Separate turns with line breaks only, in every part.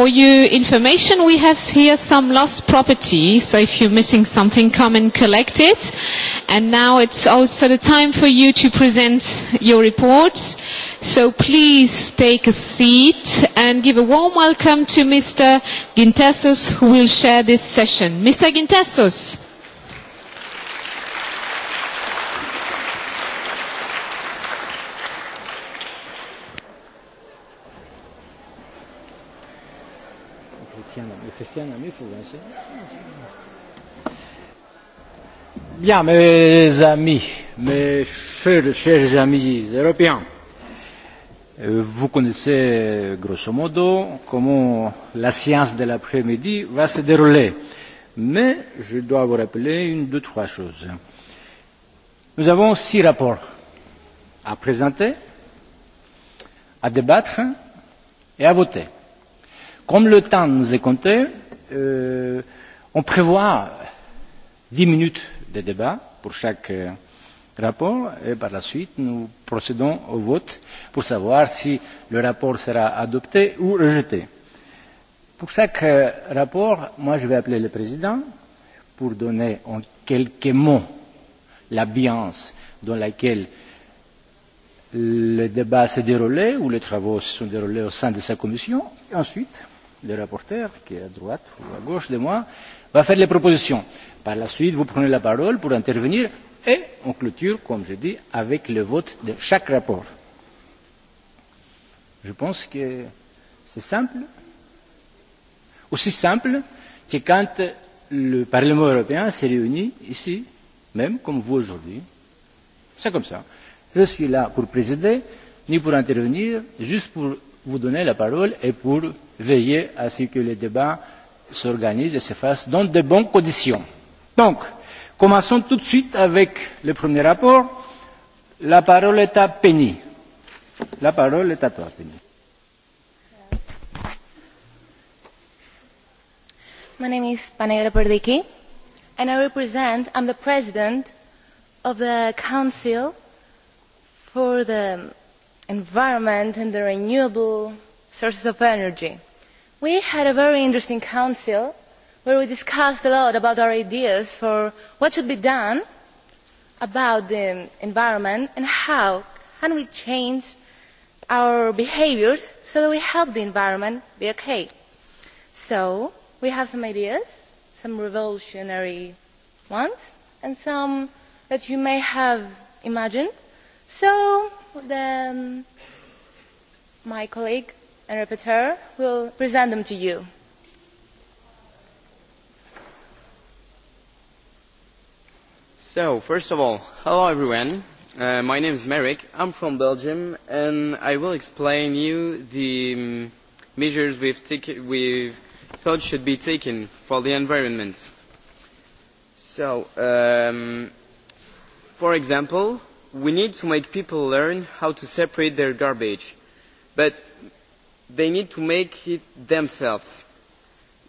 For your information, we have here some lost property, so if you're missing something, come and collect it. And now it's also the time for you to present your reports. So please take a seat and give a warm welcome to Mr. Gintessos, who will share this session. Mr. Gintessos.
il faut.
Hein,
Bien, mes amis, mes chers, chers amis européens, vous connaissez grosso modo comment la séance de l'après-midi va se dérouler. Mais je dois vous rappeler une, deux, trois choses. Nous avons six rapports à présenter, à débattre et à voter. Comme le temps nous est compté, euh, on prévoit dix minutes de débat pour chaque euh, rapport et par la suite nous procédons au vote pour savoir si le rapport sera adopté ou rejeté. Pour chaque euh, rapport, moi je vais appeler le président pour donner en quelques mots l'ambiance dans laquelle le débat s'est déroulé ou les travaux se sont déroulés au sein de sa commission. Et ensuite, le rapporteur, qui est à droite ou à gauche de moi, va faire les propositions. Par la suite, vous prenez la parole pour intervenir et on clôture, comme je dis, avec le vote de chaque rapport. Je pense que c'est simple, aussi simple que quand le Parlement européen se réunit ici, même comme vous aujourd'hui. C'est comme ça. Je suis là pour présider, ni pour intervenir, juste pour vous donner la parole et pour veiller à ce que le débat s'organise et se fasse dans de bonnes conditions. Donc, commençons tout de suite avec le premier rapport. La parole est à Penny. La parole est à toi, Penny.
My name is Panayra Perdiki and I represent, I'm the president of the Council for the environment and the renewable sources of energy. we had a very interesting council where we discussed a lot about our ideas for what should be done about the environment and how can we change our behaviours so that we help the environment be okay. So we have some ideas, some revolutionary ones, and some that you may have imagined. So Then um, my colleague and rapporteur will present them to you.
So, first of all, hello everyone. Uh, my name is Merrick. I'm from Belgium, and I will explain you the um, measures we've, we've thought should be taken for the environment. So, um, for example, we need to make people learn how to separate their garbage, but they need to make it themselves.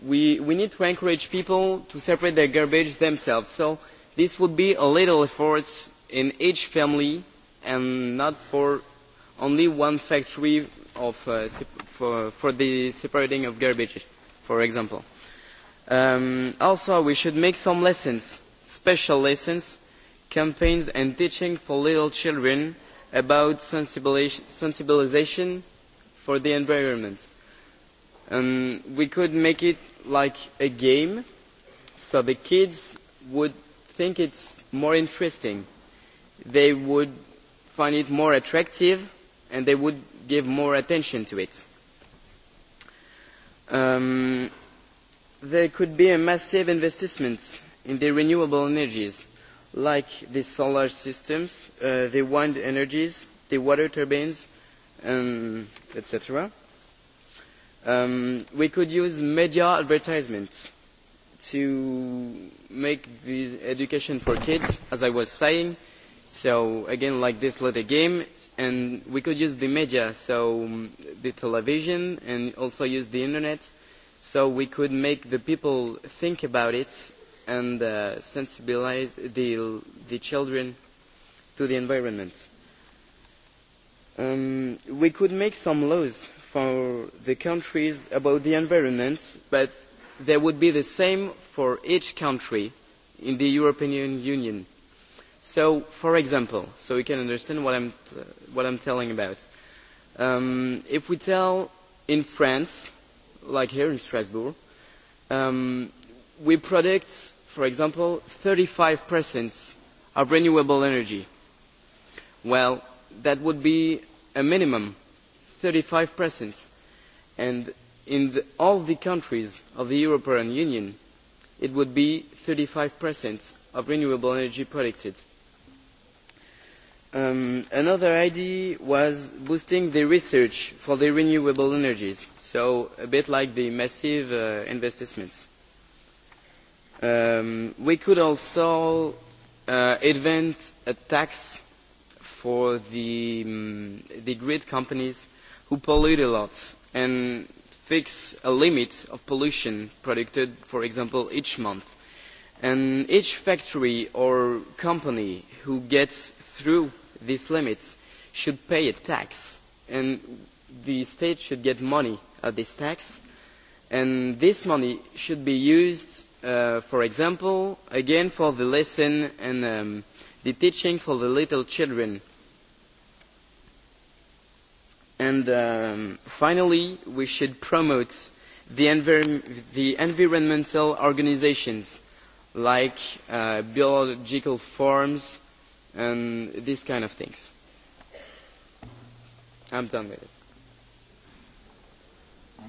We, we need to encourage people to separate their garbage themselves, so this would be a little effort in each family and not for only one factory of, uh, for, for the separating of garbage, for example. Um, also, we should make some lessons, special lessons, campaigns and teaching for little children about sensibilisation for the environment. Um, we could make it like a game so the kids would think it's more interesting. They would find it more attractive and they would give more attention to it. Um, there could be a massive investment in the renewable energies like the solar systems, uh, the wind energies, the water turbines, um, etc. Um, we could use media advertisements to make the education for kids, as I was saying. So again, like this little game, and we could use the media, so um, the television, and also use the internet, so we could make the people think about it and uh, sensibilize the, the children to the environment. Um, we could make some laws for the countries about the environment, but they would be the same for each country in the European Union. So, for example, so you can understand what I'm, t what I'm telling about. Um, if we tell in France, like here in Strasbourg, um, we predict, for example thirty five of renewable energy. well that would be a minimum thirty five and in the, all the countries of the european union it would be thirty five of renewable energy predicted. Um, another idea was boosting the research for the renewable energies so a bit like the massive uh, investments Um, we could also uh, invent a tax for the, um, the grid companies who pollute a lot and fix a limit of pollution predicted, for example, each month. And each factory or company who gets through these limits should pay a tax. And the state should get money of this tax. And this money should be used Uh, for example, again for the lesson and um, the teaching for the little children. And um, finally, we should promote the, envir the environmental organizations like uh, biological forms and these kind of things. I'm done with it.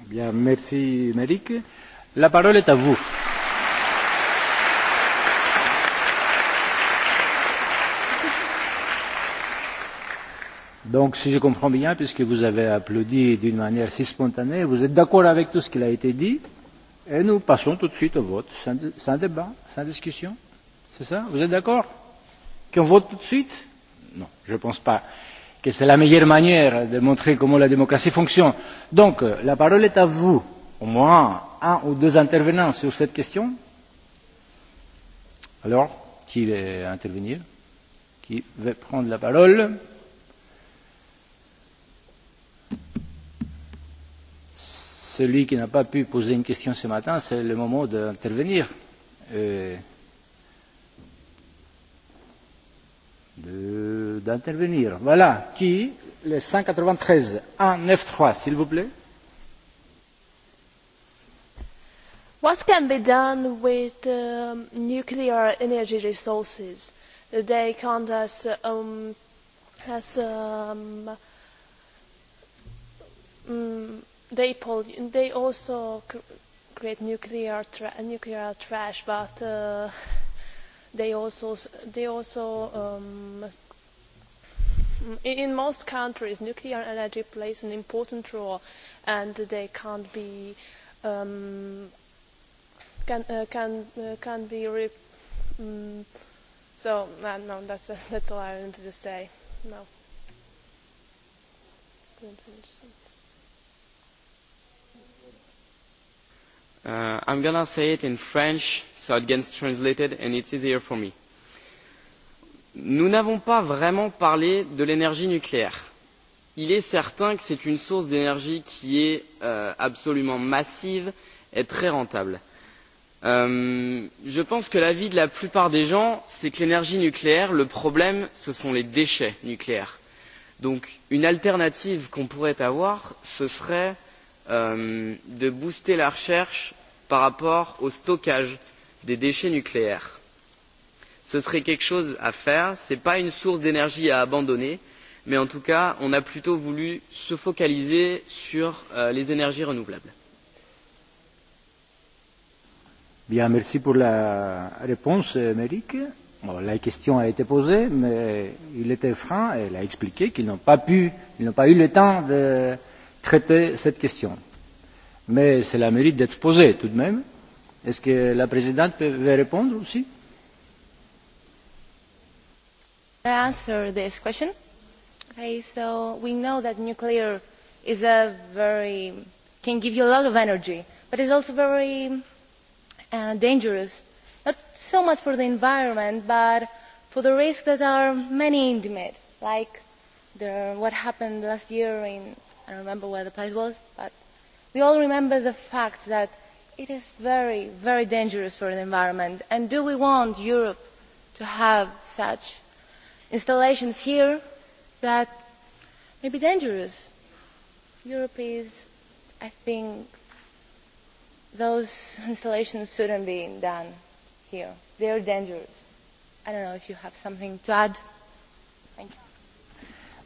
Bien, merci Malik. La parole est à vous. Donc, si je comprends bien, puisque vous avez applaudi d'une manière si spontanée, vous êtes d'accord avec tout ce qui a été dit, et nous passons tout de suite au vote, sans, sans débat, sans discussion. C'est ça Vous êtes d'accord Qu'on vote tout de suite Non, je ne pense pas que c'est la meilleure manière de montrer comment la démocratie fonctionne. Donc, euh, la parole est à vous, au moins un ou deux intervenants sur cette question. Alors, qui va intervenir Qui va prendre la parole celui qui n'a pas pu poser une question ce matin, c'est le moment d'intervenir. Euh, d'intervenir. Voilà. Qui Le 193, 193, s'il vous plaît.
What can be done with uh,
nuclear energy resources? They count as, um, as um, um, they also create nuclear nuclear trash, but uh, they also they also um, in most countries nuclear energy plays an important role, and they can't be um, can uh, can uh, can be re- um, so uh, no that's that's all I wanted to say
no.
Uh, I'm to say it in French so it gets translated and it's easier for me. Nous n'avons pas vraiment parlé de l'énergie nucléaire. Il est certain que c'est une source d'énergie qui est euh, absolument massive et très rentable. Euh, je pense que l'avis de la plupart des gens, c'est que l'énergie nucléaire, le problème, ce sont les déchets nucléaires. Donc une alternative qu'on pourrait avoir, ce serait euh, Euh, de booster la recherche par rapport au stockage des déchets nucléaires. Ce serait quelque chose à faire, ce n'est pas une source d'énergie à abandonner, mais en tout cas, on a plutôt voulu se focaliser sur euh, les énergies renouvelables.
Bien, merci pour la réponse, euh, Méric. Bon, la question a été posée, mais il était franc et il a expliqué qu'ils n'ont pas pu, ils n'ont pas eu le temps de, euh, traiter cette question. Mais cela mérite d'être posé tout de même. Est-ce que la présidente peut répondre aussi
I answer this question. Okay, so we know that nuclear is a very can give you a lot of energy, but it's also very uh, dangerous. Not so much for the environment, but for the risks that are many intimate, like the, what happened last year in I don't remember where the place was, but we all remember the fact that it is very, very dangerous for the environment. And do we want Europe to have such installations here that may be dangerous? Europe is, I think, those installations shouldn't be done here. They are dangerous. I don't know if you have something to add. Thank you.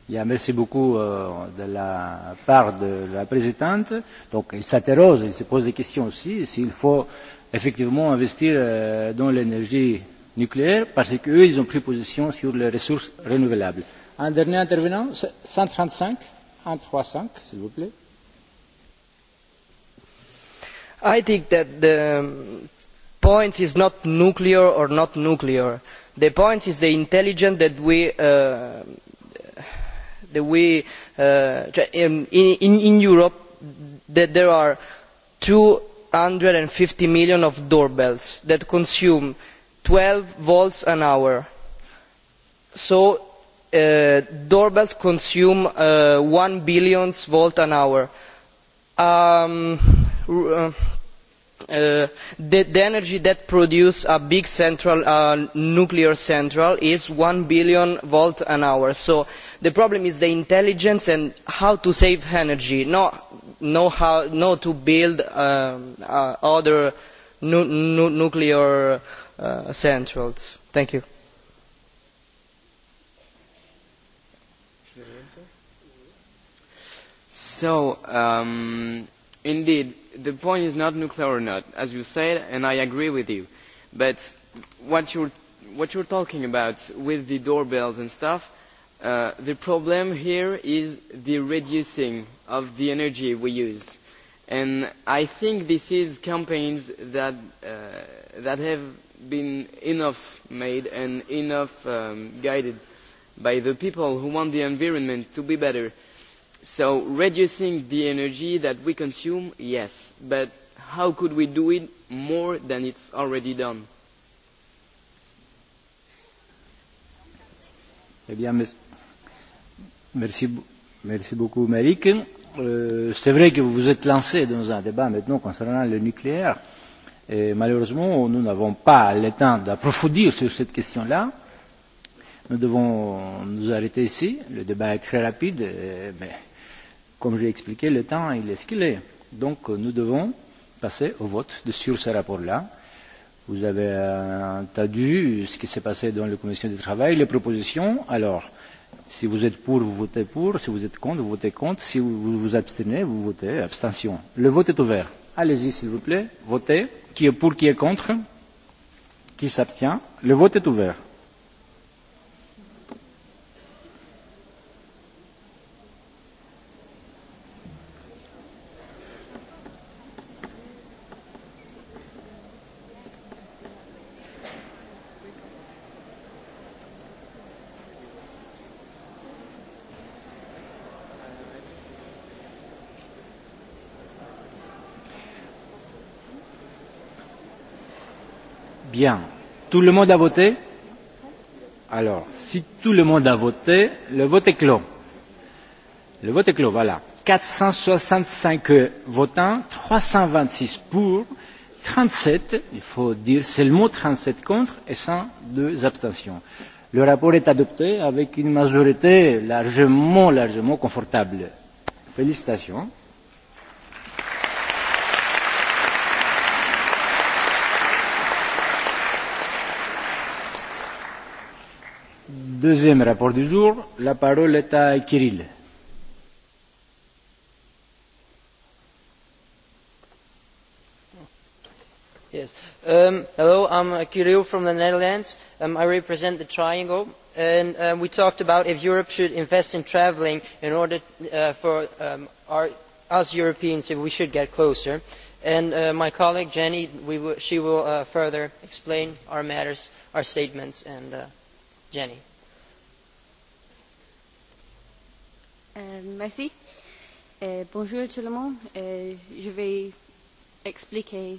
Bien, merci beaucoup euh, de la part de la présidente. Donc, il s'interroge, il se pose des questions aussi, s'il faut effectivement investir euh, dans l'énergie nucléaire, parce qu'eux, ils ont pris position sur les ressources renouvelables. Un dernier intervenant, 135, 135, s'il vous plaît.
I think that the point is not nuclear or not nuclear. The point is the intelligence that we uh, the way uh, um, in, in, in Europe that there are 250 million of doorbells that consume 12 volts an hour. So uh, doorbells consume uh, 1 billion volt an hour. Um, uh, Uh, the, energy that produces a big central uh, nuclear central is one billion volts an hour so the problem is the intelligence and how to save energy not no how not to build um, uh, other nu nu nuclear uh, centrals thank you
so um, indeed the point is not nuclear or not, as you said, and I agree with you. But what you're, what you're talking about with the doorbells and stuff, uh, the problem here is the reducing of the energy we use. And I think this is campaigns that, uh, that have been enough made and enough um, guided by the people who want the environment to be better so reducing the energy that we consume yes but how could we do it more than it's already done
eh bien merci merci beaucoup Malik euh, c'est vrai que vous vous êtes lancé dans un débat maintenant concernant le nucléaire et malheureusement nous n'avons pas le temps d'approfondir sur cette question là nous devons nous arrêter ici le débat est très rapide mais Comme j'ai expliqué, le temps il est ce qu'il est. Donc euh, nous devons passer au vote sur ce rapport-là. Vous avez entendu ce qui s'est passé dans la commission du travail, les propositions. Alors, si vous êtes pour, vous votez pour. Si vous êtes contre, vous votez contre. Si vous vous abstenez, vous votez abstention. Le vote est ouvert. Allez-y, s'il vous plaît. Votez. Qui est pour, qui est contre Qui s'abstient Le vote est ouvert. Bien. Tout le monde a voté Alors, si tout le monde a voté, le vote est clos. Le vote est clos, voilà. 465 votants, 326 pour, 37, il faut dire seulement 37 contre et 102 abstentions. Le rapport est adopté avec une majorité largement, largement confortable. Félicitations. deuxième rapport du jour. La parole est à Kirill.
Yes. Um, hello, I'm Kirill from the Netherlands. Um, I represent the Triangle, and um, we talked about if Europe should invest in traveling in order uh, for um, our, us Europeans if we should get closer. And uh, my colleague Jenny, we w- she will uh, further explain our matters, our statements, and uh, Jenny.
Euh, merci. Euh, bonjour tout le monde. Euh, je vais expliquer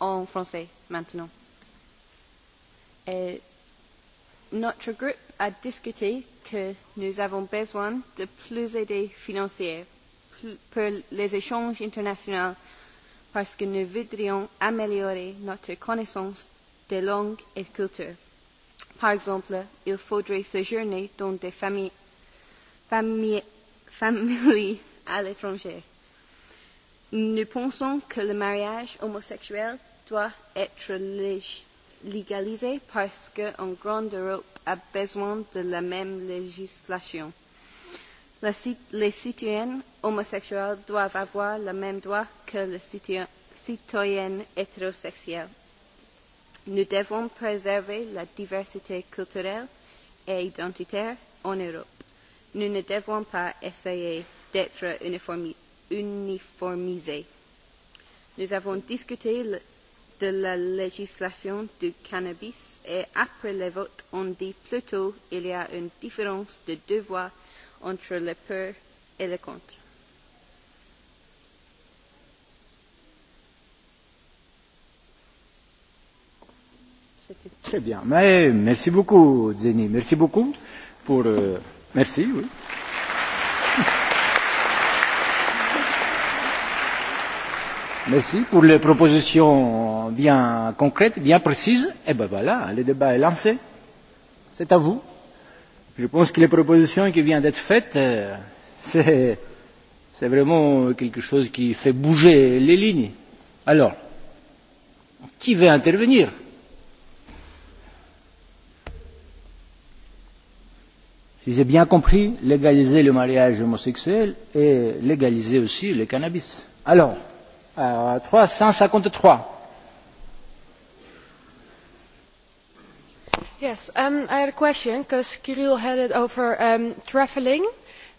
en français maintenant. notre groupe a discuté que nous avons besoin de plus d'aides financières pour les échanges internationaux parce que nous voudrions améliorer notre connaissance des langues et cultures. Par exemple, il faudrait séjourner dans des familles, familles famille à l'étranger. Nous pensons que le mariage homosexuel doit être légalisé parce qu'en grande Europe a besoin de la même législation. les citoyens homosexuels doivent avoir le même droit que les citoyens hétérosexuels. Nous devons préserver la diversité culturelle et identitaire en Europe. Nous ne devons pas essayer d'être uniformisés. Nous avons discuté de la législation du cannabis et après le vote, on dit plutôt qu'il y a une différence de deux voix entre le pour et le contre.
Très bien. Mais merci beaucoup, Zeni. Merci beaucoup pour euh, Merci, oui. Merci pour les propositions bien concrètes, bien précises. Et eh ben voilà, le débat est lancé. C'est à vous. Je pense que les propositions qui viennent d'être faites, euh, c'est, c'est vraiment quelque chose qui fait bouger les lignes. Alors, qui veut intervenir si j'ai bien compris, légaliser le mariage homosexuel et légaliser aussi le cannabis. Alors, à euh, 353.
Yes, um, I had a question because Kirill had it over um, traveling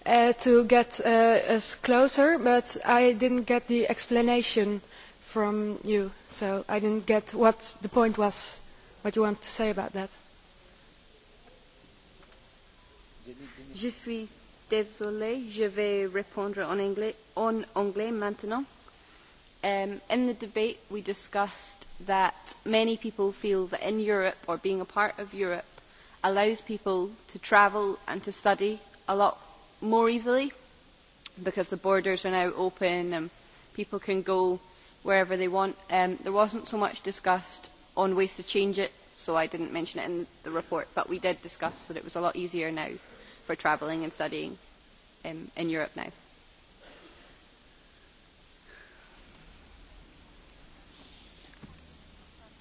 uh, to get uh, us closer, but I didn't get the explanation from you, so I didn't get what the point was, what you want to say about that.
Je
suis désolée, je vais répondre en anglais, en anglais maintenant. Um, in the debate, we discussed that many people feel that in Europe, or being a part of Europe, allows people to travel and to study a lot more easily because the borders are now open and people can go wherever they want. Um, there wasn't so much discussed on ways to change it, so I didn't mention it in the report, but we did discuss that it was a lot easier now for traveling and studying in, in Europe now.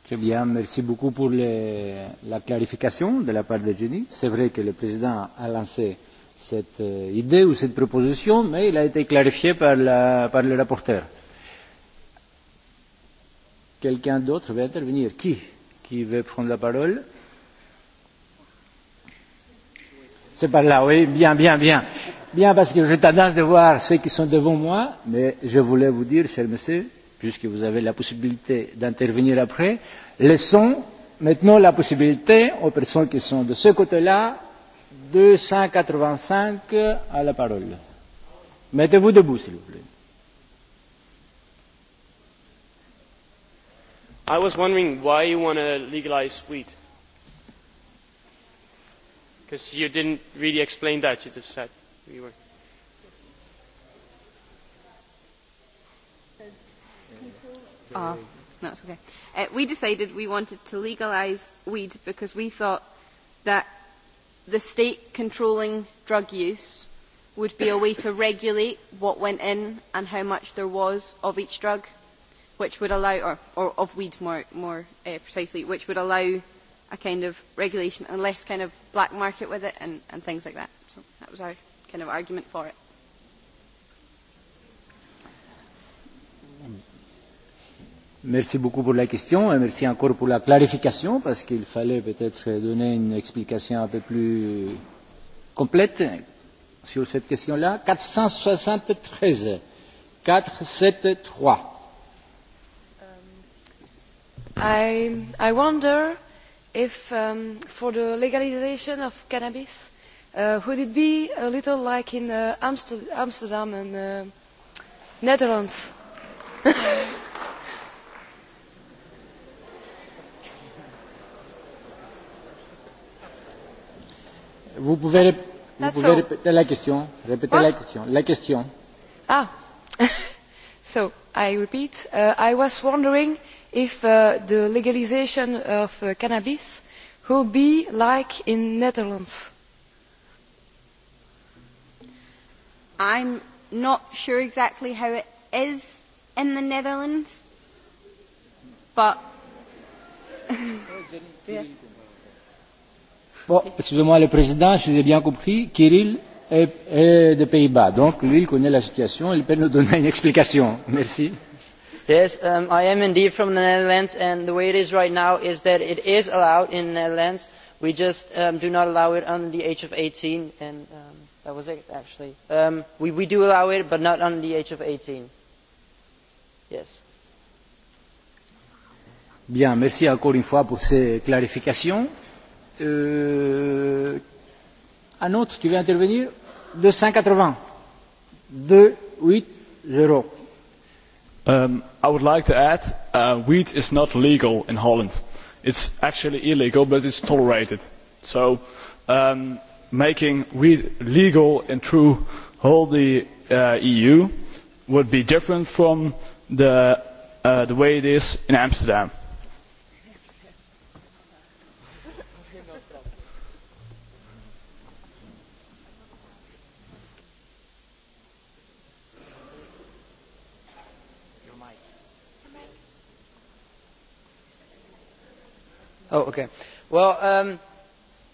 Très bien, merci beaucoup pour le, la clarification de la part de Jenny. C'est vrai que le président a lancé cette euh, idée ou cette proposition, mais il a été clarifié par, la, par le rapporteur. Quelqu'un d'autre veut intervenir Qui Qui veut prendre la parole C'est par là, oui, bien, bien, bien. Bien, parce que j'ai tendance de voir ceux qui sont devant moi, mais je voulais vous dire, cher monsieur, puisque vous avez la possibilité d'intervenir après, laissons maintenant la possibilité aux personnes qui sont de ce côté-là, 285 à la parole. Mettez-vous debout, s'il vous plaît.
I was wondering why you want to legalize wheat because you did not really explain that you just said we were.
Oh, ah,
that's no, okay. Uh, we decided we wanted to legalise weed because we thought that the state controlling drug use would be a way to regulate what went in and how much there was of each drug, which would allow, or, or of weed more, more uh, precisely, which would allow a kind of regulation and less kind of black market with it and, and things like that. So that was our kind of argument for it.
Merci beaucoup pour la question et merci encore pour la clarification parce qu'il fallait peut-être donner une explication un peu plus complète sur cette question-là. 473. 473. Um, I, I wonder
if um, for the legalization of cannabis, uh, would it be a little like in uh, Amster Amsterdam and uh, Netherlands?
vous pouvez, vous pouvez répéter la question. Répétez What? la question. La question.
Ah. So, I repeat, uh, I was wondering if uh, the legalisation of uh, cannabis will be like in the Netherlands.
i am not sure exactly how it is in the Netherlands, but...
bon, excusez-moi le président, si j'ai bien compris, Kirill et, des Pays-Bas. Donc lui, il connaît la situation, il peut nous donner une explication. Merci.
Yes, um, I am indeed from the Netherlands, and the way it is right now is that it is allowed in the Netherlands. We just um, do not allow it under the age of 18, and um, that was it actually. Um, we, we do allow it, but not under the age of 18. Yes.
Bien, merci encore une fois pour ces clarifications.
Euh,
un autre qui veut intervenir deux cent quatre vingts
um, I would like to add uh, wheat is not legal in Holland. It's actually illegal, but it's tolerated. So um, making wheat legal in through whole the uh, EU would be different from the, uh, the way it is in Amsterdam
Oh, okay. Well, um,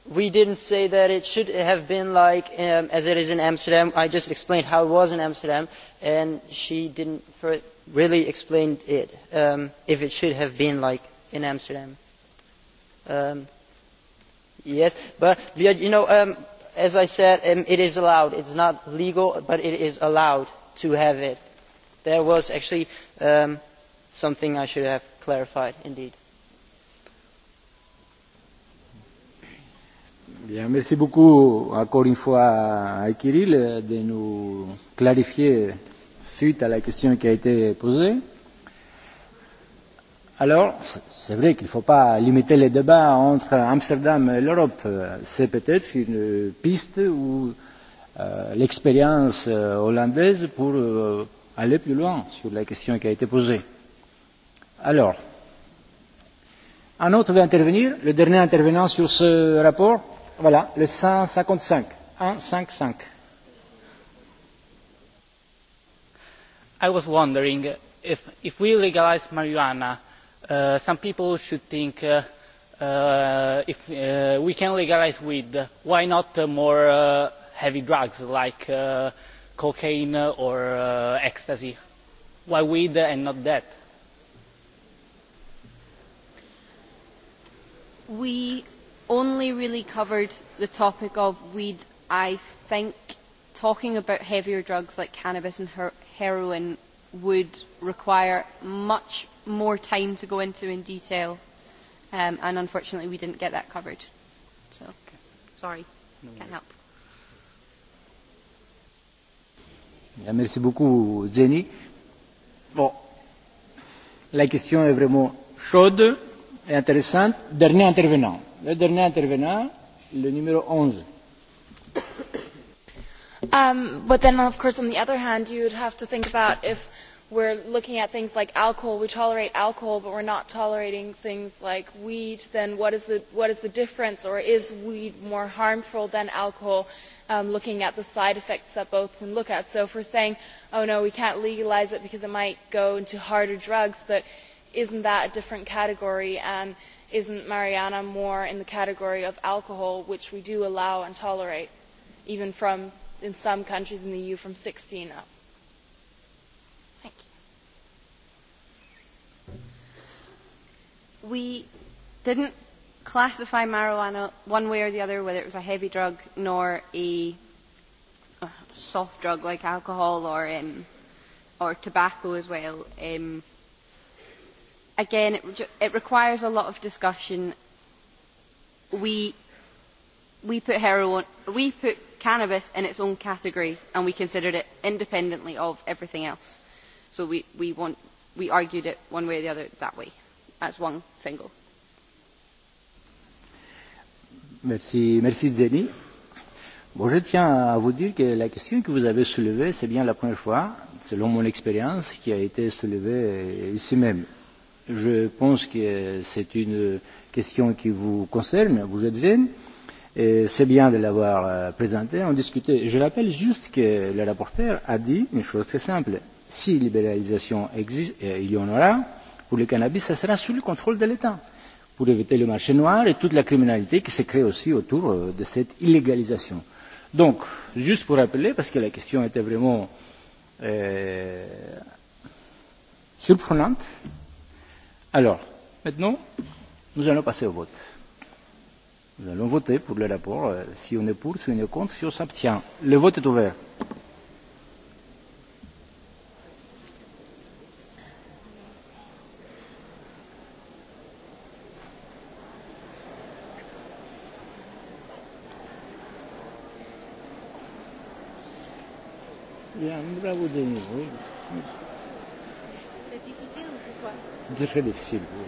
we didn't say that it should have been like um, as it is in Amsterdam. I just explained how it was in Amsterdam, and she didn't really explain it um, if it should have been like in Amsterdam. yes, but you know, as I said, it is allowed. It's not legal, but it is allowed to have it. There was actually something I should have clarified, indeed.
Bien, merci beaucoup encore une fois à Kirill de nous clarifier suite à la question qui a été posée. Alors, c'est vrai qu'il ne faut pas limiter les débats entre Amsterdam et l'Europe. C'est peut-être une piste ou euh, l'expérience euh, hollandaise pour euh, aller plus loin sur la question qui a été posée. Alors, un autre veut intervenir, le dernier intervenant sur ce rapport Voilà, le 155. 155.
I was wondering if, if we legalize marijuana, uh, some people should think uh, uh, if uh, we can legalize weed, why not uh, more uh, heavy drugs like uh, cocaine or uh, ecstasy? Why weed and not that?
We only really covered the topic of weed, I think talking about heavier drugs like cannabis and her- heroin would require much more time to go into in detail, um, and unfortunately we didn't get that covered. So, sorry, no can't help.
Yeah, merci beaucoup, Jenny. Bon, la question est vraiment chaude et intéressante. Dernier intervenant le dernier intervenant, le numéro 11.
Um, but then, of course, on the other hand, you would have to think about if we're looking at things like alcohol, we tolerate alcohol, but we're not tolerating things like weed, then what is the, what is the difference, or is weed more harmful than alcohol, um, looking at the side effects that both can look at? So if we're saying, oh no, we can't legalize it because it might go into harder drugs, but isn't that a different category? And isn't marijuana more in the category of alcohol, which we do allow and tolerate, even from in some countries in the EU from 16 up? Thank
you. We didn't classify marijuana one way or the other, whether it was a heavy drug nor a soft drug like alcohol or um, or tobacco as well. Um, again, it, it requires a lot of discussion. We, we put heroin, we put cannabis in its own category, and we considered it independently of everything else. So we, we, want, we argued it one way or the other that way, as one single.
Merci, merci Zeni. Bon, je tiens à vous dire que la question que vous avez soulevée, c'est bien la première fois, selon mon expérience, qui a été soulevée ici même Je pense que c'est une question qui vous concerne. Vous êtes jeune. et C'est bien de l'avoir euh, présenté, en discuter. Je rappelle juste que le rapporteur a dit une chose très simple. Si libéralisation existe, et il y en aura, pour le cannabis, ça sera sous le contrôle de l'État, pour éviter le marché noir et toute la criminalité qui se crée aussi autour euh, de cette illégalisation. Donc, juste pour rappeler, parce que la question était vraiment euh, surprenante, euh, Alors, maintenant, nous allons passer au vote. Nous allons voter pour le rapport, euh, si on est pour, si on est contre, si on s'abstient. Le vote est ouvert. Bien, bravo Denis, oui. Дуже всі було.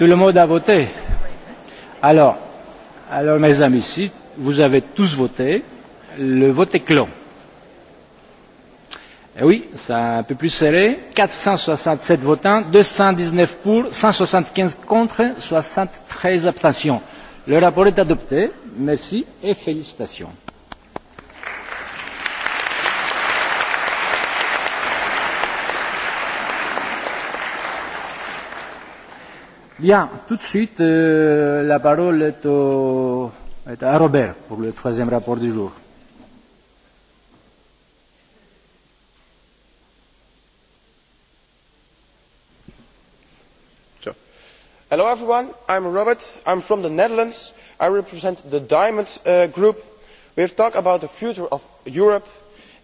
Tout le monde a voté. Alors, alors mes amis, si vous avez tous voté, le vote est clos. Eh oui, c'est un peu plus serré. 467 votants, 219 pour, 175 contre, 73 abstentions. Le rapport est adopté. Merci et félicitations. Bien, tout de suite, euh, la parole est, au, est à Robert pour le troisième rapport du jour.
hello everyone i am
robert i am from the netherlands i represent the diamond uh, group. we have talked about the future of europe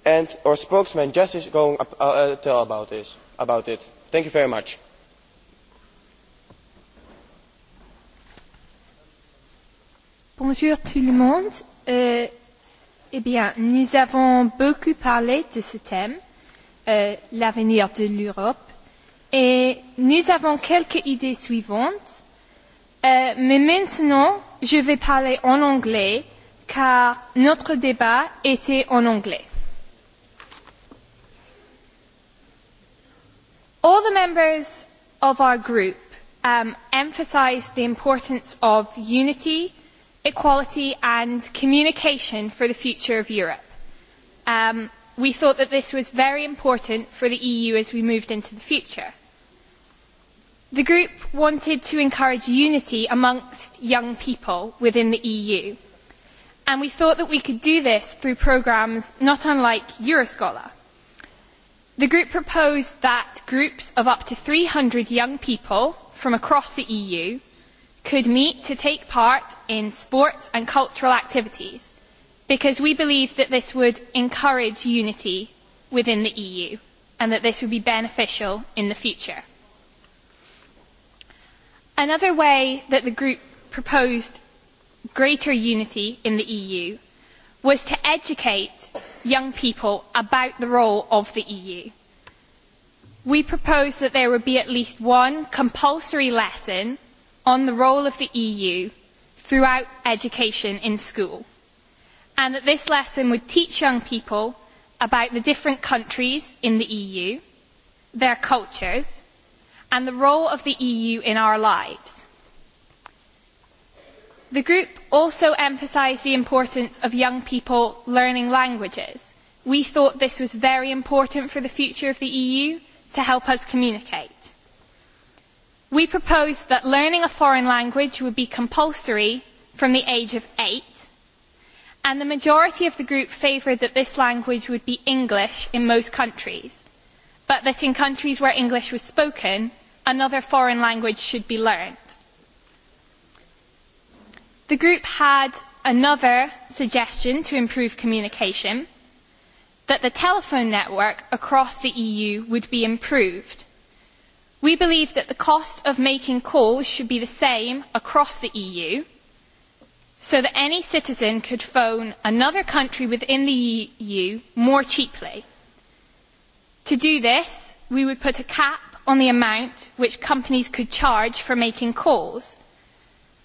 and our spokesman jess is going to uh, uh, tell us about it. thank you very much.
Bonjour tout le monde. Euh, eh bien, nous avons beaucoup parlé de ce thème, euh, l'avenir de l'Europe et nous avons quelques idées suivantes. Euh, mais maintenant, je vais parler en anglais car notre débat était en anglais. All the members of our group um, emphasized the importance of unity, equality and communication for the future of Europe. Um, we thought that this was very important for the EU as we moved into the future the group wanted to encourage unity amongst young people within the eu and we thought that we could do this through programmes not unlike euroscholar. the group proposed that groups of up to three hundred young people from across the eu could meet to take part in sports and cultural activities because we believe that this would encourage unity within the eu and that this would be beneficial in the future another way that the group proposed greater unity in the eu was to educate young people about the role of the eu. we proposed that there would be at least one compulsory lesson on the role of the eu throughout education in school and that this lesson would teach young people about the different countries in the eu their cultures and the role of the EU in our lives. The group also emphasised the importance of young people learning languages. We thought this was very important for the future of the EU to help us communicate. We proposed that learning a foreign language would be compulsory from the age of eight, and the majority of the group favoured that this language would be English in most countries, but that in countries where English was spoken, another foreign language should be learned. The group had another suggestion to improve communication that the telephone network across the EU would be improved. We believe that the cost of making calls should be the same across the EU so that any citizen could phone another country within the EU more cheaply. To do this, we would put a cap on the amount which companies could charge for making calls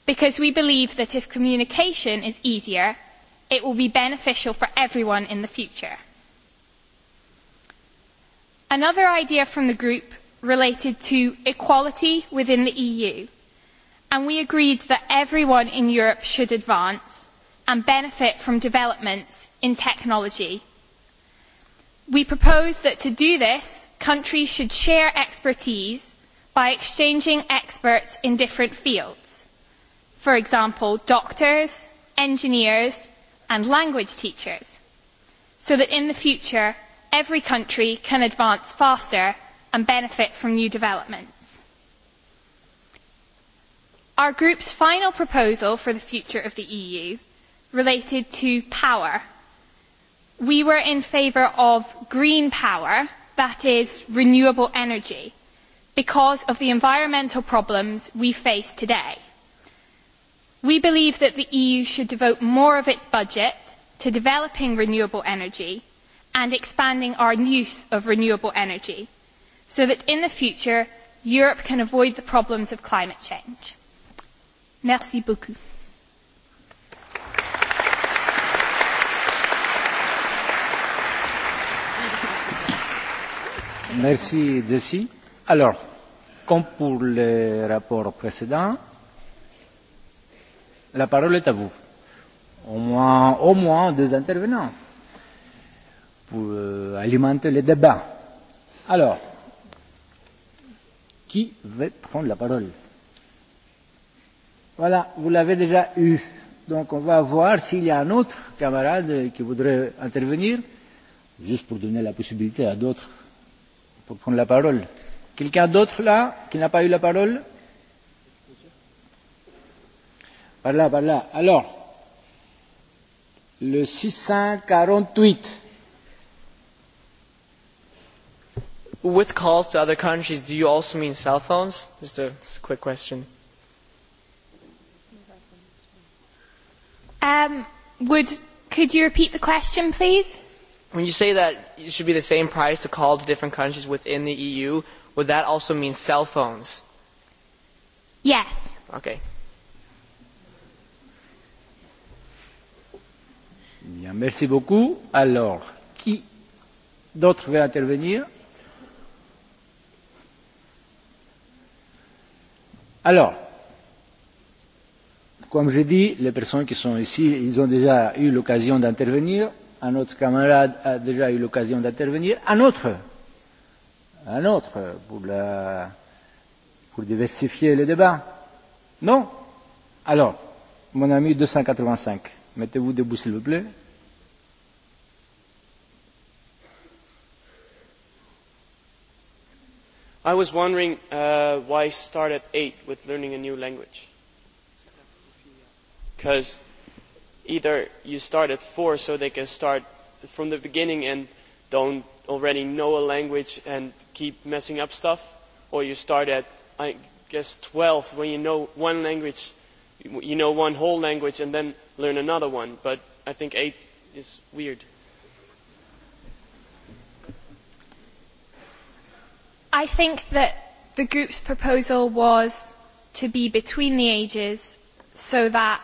because we believe that if communication is easier it will be beneficial for everyone in the future. Another idea from the group related to equality within the EU and we agreed that everyone in Europe should advance and benefit from developments in technology. We proposed that to do this countries should share expertise by exchanging experts in different fields for example doctors engineers and language teachers so that in the future every country can advance faster and benefit from new developments. our group's final proposal for the future of the eu related to power. we were in favour of green power' that is renewable energy because of the environmental problems we face today. We believe that the EU should devote more of its budget to developing renewable energy and expanding our use of renewable energy so that in the future Europe can avoid the problems of climate change. Merci beaucoup.
Merci, Dessy. Alors, comme pour le rapport précédent, la parole est à vous. Au moins, au moins deux intervenants pour euh, alimenter le débat. Alors, qui veut prendre la parole Voilà, vous l'avez déjà eu. Donc on va voir s'il y a un autre camarade qui voudrait intervenir, juste pour donner la possibilité à d'autres pour prendre la parole. Quelqu'un d'autre là qui n'a pas eu la parole Par là, par là. Alors, le 648.
With calls to other countries, do you also mean cell phones? Just a quick question.
Um, would, could you repeat the question, please?
when you say that it should be the same price to call to different countries within the EU, would that also mean cell phones? Yes. Okay.
Bien, merci beaucoup. Alors, qui d'autre veut intervenir Alors, comme je dis, les personnes qui sont ici, ils ont déjà eu l'occasion d'intervenir un autre camarade a déjà eu l'occasion d'intervenir, un autre, un autre pour, la, pour diversifier le débat. Non Alors, mon ami 285, mettez-vous debout s'il vous plaît.
I was wondering uh, why start at 8 with learning a new language. Because either you start at four so they can start from the beginning and do not already know a language and keep messing up stuff or you start at i guess twelve when you know one language you know one whole language and then learn another one but i think eight is weird.
i think that the group's proposal was to be between the ages so that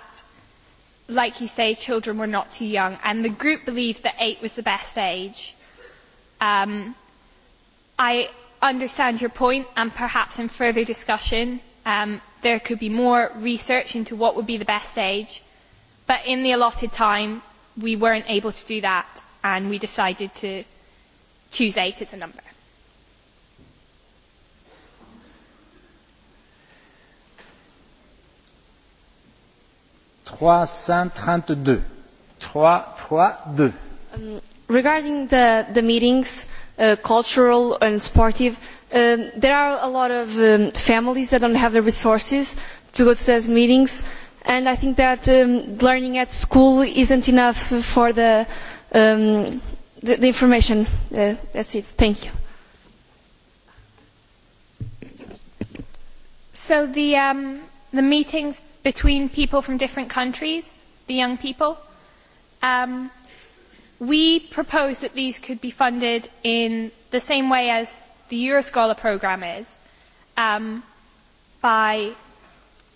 like you say, children were not too young, and the group believed that eight was the best age. Um, I understand your point, and perhaps in further discussion, um, there could be more research into what would be the best age. But in the allotted time, we weren't able to do that, and we decided to choose eight as a number.
332. 332.
Um, regarding the, the meetings, uh, cultural and sportive, um, there are a lot of um, families that don't have the resources to go to those meetings, and I think that um, learning at school isn't enough for the, um, the, the information. Uh, that's it. Thank you. So the, um, the meetings between people from different countries, the young people. Um, we propose that these could be funded in the same way as the Euroscholar program is, um, by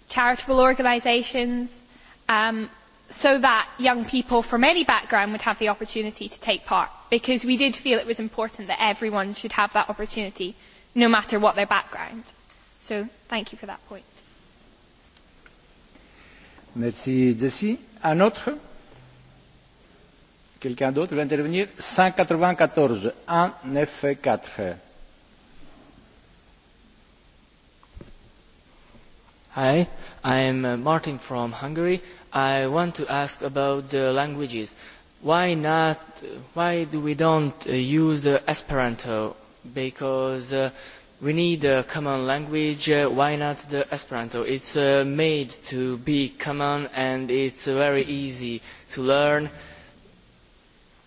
charitable organisations, um, so that young people from any background would have the opportunity to take part, because we did feel it was important that everyone should have that opportunity, no matter what their background. So thank you for that point.
Merci, Dessy. Un autre Quelqu'un d'autre veut intervenir 194, 1, 9, 4.
Hi, I'm Martin from Hungary. I want to ask about the languages. Why not? Why do we don't use the Esperanto? Because uh, we need a common language. Uh, why not the Esperanto? It's uh, made to be common and it's very easy to learn.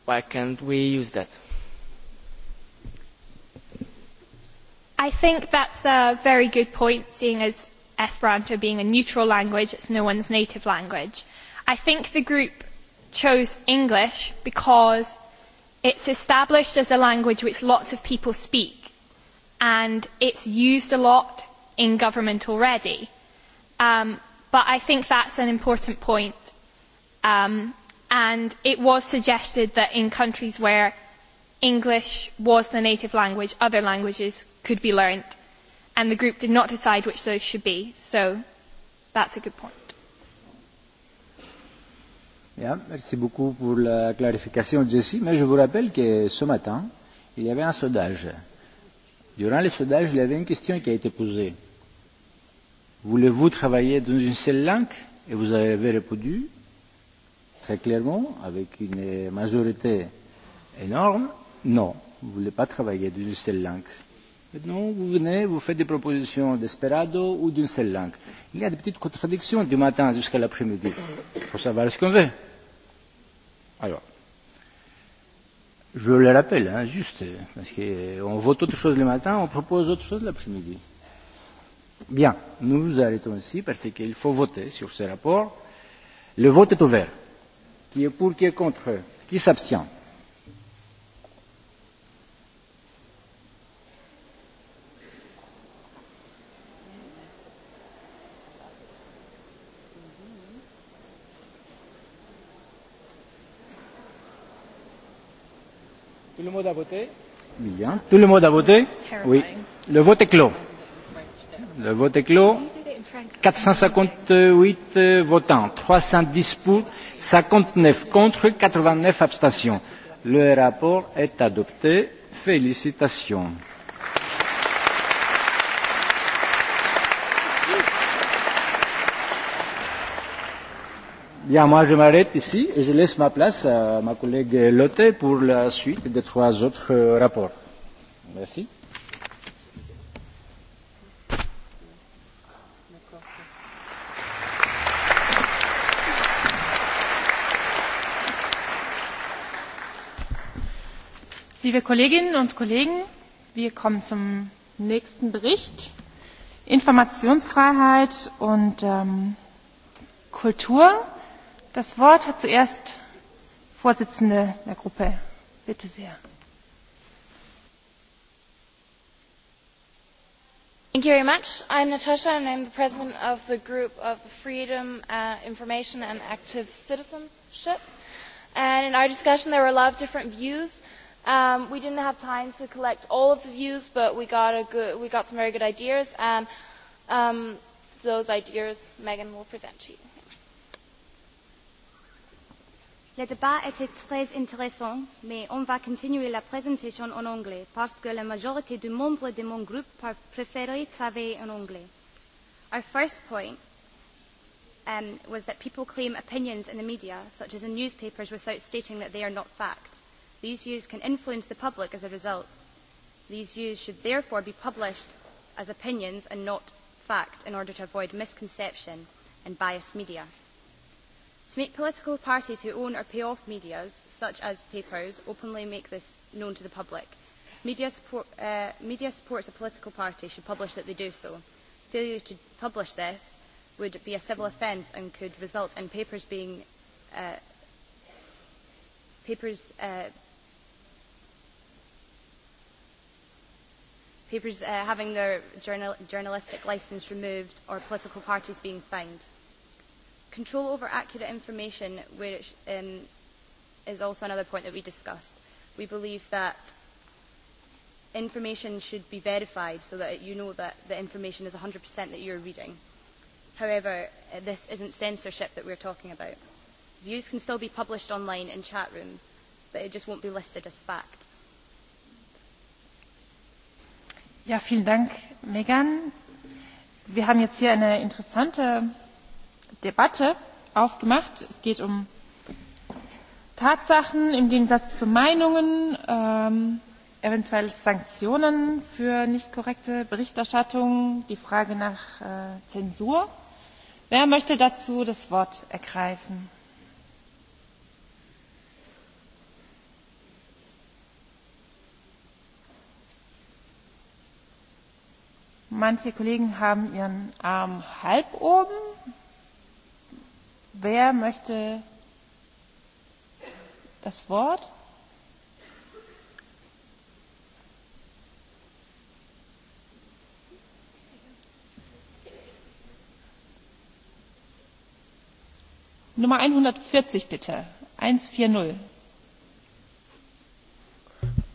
Why can't we use that?
I think that's a very good point, seeing as Esperanto being a neutral language, it's no one's native language. I think the group chose English because it's established as a language which lots of people speak and it's used a lot in government already. Um, but I think that's an important point. Um, and it was suggested that in countries where English was the native language, other languages could be learned. And the group did not decide which those should be. So that's a good point.
Bien, merci beaucoup pour la clarification, Jessie. Mais je vous rappelle que ce matin, il y avait un sondage Durant le sondage, il y avait une question qui a été posée. Voulez-vous travailler dans une seule langue Et vous avez répondu très clairement, avec une majorité énorme, non, vous ne voulez pas travailler dans une seule langue. Maintenant, vous venez, vous faites des propositions d'Esperado ou d'une seule langue. Il y a des petites contradictions du matin jusqu'à l'après-midi. Il faut savoir ce qu'on veut. Alors, Je le rappelle, hein, juste, parce qu'on vote autre chose le matin, on propose autre chose l'après-midi. Bien, nous nous arrêtons ici parce qu'il faut voter sur ce rapport. Le vote est ouvert. Qui est pour, qui est contre, qui s'abstient le monde a voté Bien. Tout le monde a voté Oui. Le vote est clos. Le vote est clos. 458 euh, votants, 310 pour, 59 contre, 89 abstentions. Le rapport est adopté. Félicitations. Bien, moi je m'arrête ici et je laisse ma place à ma collègue Lotte pour la suite des trois autres euh, rapports. Merci.
Liebe Kolleginnen und Kollegen, wir kommen zum nächsten Bericht. Informationsfreiheit und ähm, Kultur Das Wort hat zuerst Vorsitzende der Gruppe. Bitte sehr.
Thank you very much. I'm Natasha and I'm the president of the group of Freedom, uh, Information and Active Citizenship. And in our discussion, there were a lot of different views. Um, we didn't have time to collect all of the views, but we got, a good, we got some very good ideas. And um, those ideas Megan will present
to you. Le débat était très intéressant, mais on va continuer la présentation en anglais parce que la majorité des membres de mon groupe préfèrent travailler en anglais. Our first point um, was that people claim opinions in the media, such as in newspapers, without stating that they are not fact. These views can influence the public as a result. These views should therefore be published as opinions and not fact in order to avoid misconception and biased media. To make political parties who own or pay off media, such as papers, openly make this known to the public. Media, support, uh, media supports a political party should publish that they do so. Failure to publish this would be a civil offence and could result in papers being uh, papers uh, papers uh, having their journal- journalistic licence removed or political parties being fined. Control over accurate information which um, is also another point that we discussed. We believe that information should be verified so that you know that the information is 100% that you're reading. However, uh, this isn't censorship that we're talking about. Views can still be published online in chat rooms, but it just won't be listed as fact.
Ja,
vielen Dank, Megan. Wir haben jetzt hier eine interessante debatte aufgemacht. es geht um tatsachen im gegensatz zu meinungen ähm, eventuell sanktionen für nicht korrekte berichterstattung die frage nach äh, zensur. wer möchte dazu das wort ergreifen? manche kollegen haben ihren arm halb oben Wer möchte das Wort? Nummer 140 bitte. 140.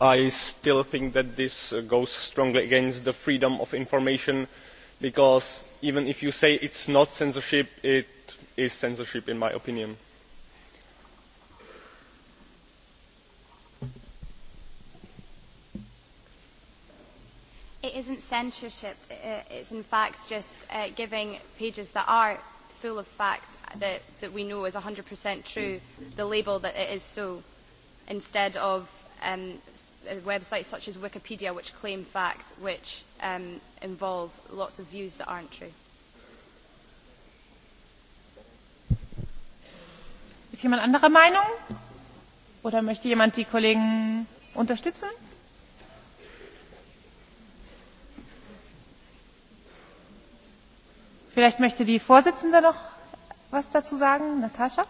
I still think that this uh, goes strongly against the freedom of information because even if you say it's not censorship, it is censorship in my opinion.
It isn't censorship, uh, it's in fact just uh, giving pages that are full of fact that, that we know is 100% true the label that it is so instead of um, uh, websites such as Wikipedia which claim fact which um, involve lots of views that aren't true.
Ist jemand anderer Meinung? Oder möchte jemand die Kollegen unterstützen? Vielleicht möchte die Vorsitzende noch was dazu sagen, Natascha?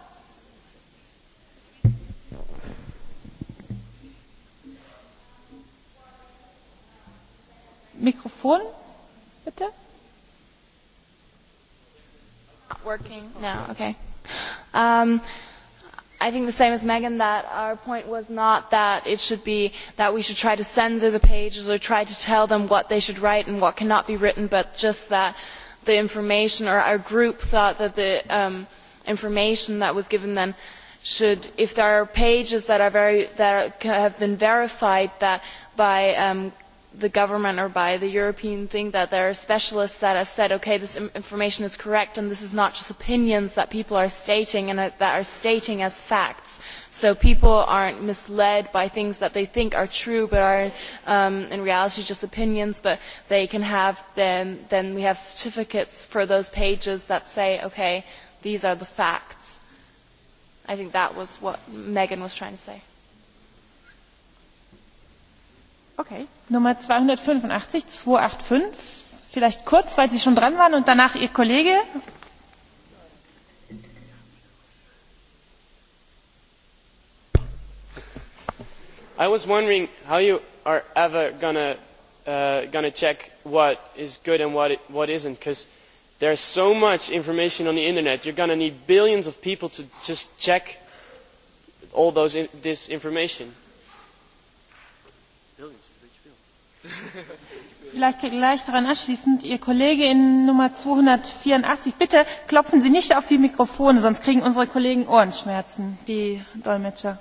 Mikrofon, bitte.
Working now, okay. Um, I think the same as Megan that our point was not that it should be that we should try to censor the pages or try to tell them what they should write and what cannot be written, but just that the information or our group thought that the um, information that was given then should, if there are pages that are very that are, have been verified that by um, the government or by the European thing that there are specialists that have said, okay, this information is correct and this is not just opinions that people are stating and uh, that are stating as facts. So people aren't misled by things that they think are true but are um, in reality just opinions, but they can have then, then we have certificates for those pages that say, okay, these are the facts. I think that was what Megan was trying to say.
Okay. Nummer 285, 285. Vielleicht kurz, weil Sie schon dran waren und danach Ihr Kollege.
I was wondering how you are ever gonna uh, gonna check what is good and what it, what isn't, because there's so much information on the internet. You're gonna need billions of people to just check all those in, this information Vielleicht
gleich daran anschließend, Ihr Kollege in Nummer 284, bitte klopfen Sie nicht auf die Mikrofone, sonst kriegen unsere Kollegen Ohrenschmerzen, die Dolmetscher.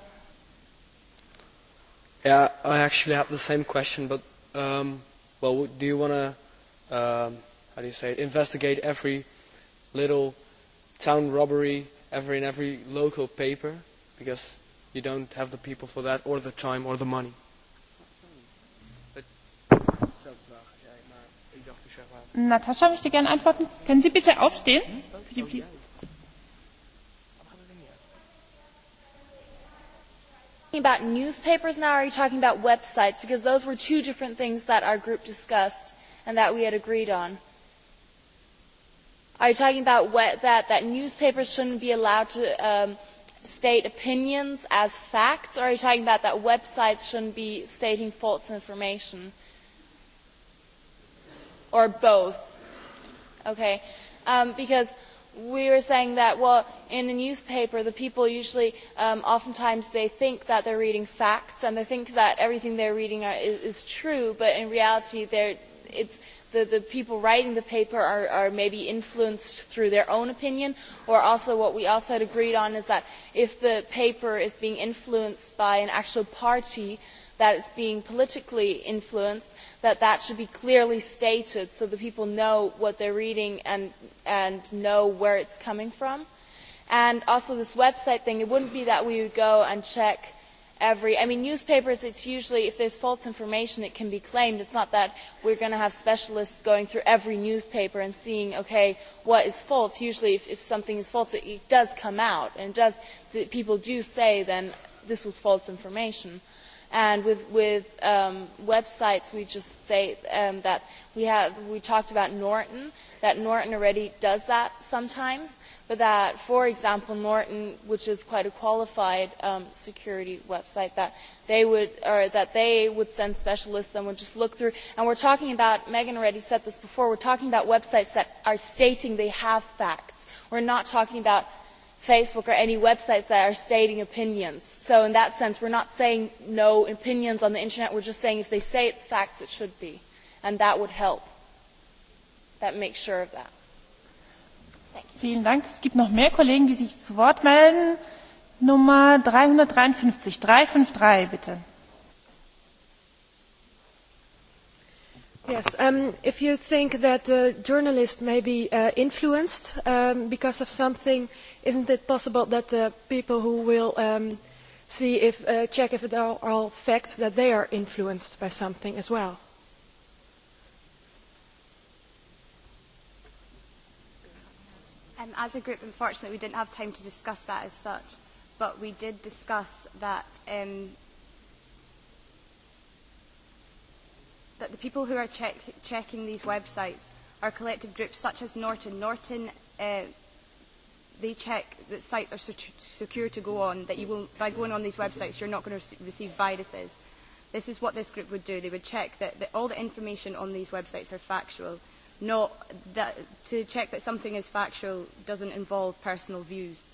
Ja, Yeah, I actually have the same question, but um, well, do you want to, um, how do you say it, investigate every little town robbery every in every local paper? Because you don't have the people for that, or the time, or the money.
Natascha möchte gerne antworten. Können Sie bitte aufstehen?
about newspapers now or are you talking about websites because those were two different things that our group discussed and that we had agreed on are you talking about what, that, that newspapers shouldn't be allowed to um, state opinions as facts or are you talking about that websites shouldn't be stating false information or both? Okay, um, because we were saying that well in a newspaper the people usually um, oftentimes they think that they're reading facts and they think that everything they're reading are, is, is true but in reality they're it's the, the people writing the paper are, are maybe influenced through their own opinion or also what we also had agreed on is that if the paper is being influenced by an actual party that it is being politically influenced that should be clearly stated so that people know what they are reading and know where it is coming from. and also this website thing it would not be that we would go and check every i mean newspapers it's usually if there's false information it can be claimed it's not that we're going to have specialists going through every newspaper and seeing okay what is false usually if something is false it does come out and people do say then this was false information and with with um, websites we just say um, that we have we talked about Norton that Norton already does that sometimes but that for example Norton which is quite a qualified um, security website that they would or that they would send specialists and would just look through and we're talking about Megan already said this before we're talking about websites that are stating they have facts we're not talking about Facebook or any websites that are stating opinions. So in that sense, are not saying no opinions on the internet. are just saying if they say is fact it should be, and that would help. That makes sure of that.
Vielen Dank. Es gibt noch mehr Kollegen, die sich zu Wort melden. Nummer 353. 353, bitte.
Um, if you think that a journalist may be uh, influenced um, because of something is it not possible that the people who will um, uh, check if they are all facts are influenced by something as well?
as a group unfortunately we did not have time to discuss that as such but we did discuss that that the people who are check, checking these websites are collective groups such as Norton. Norton, uh, they check that sites are secure to go on, that you will, by going on these websites, you're not going to receive viruses. This is what this group would do. They would check that, that all the information on these websites are factual. Not that, to check that something is factual doesn't involve personal views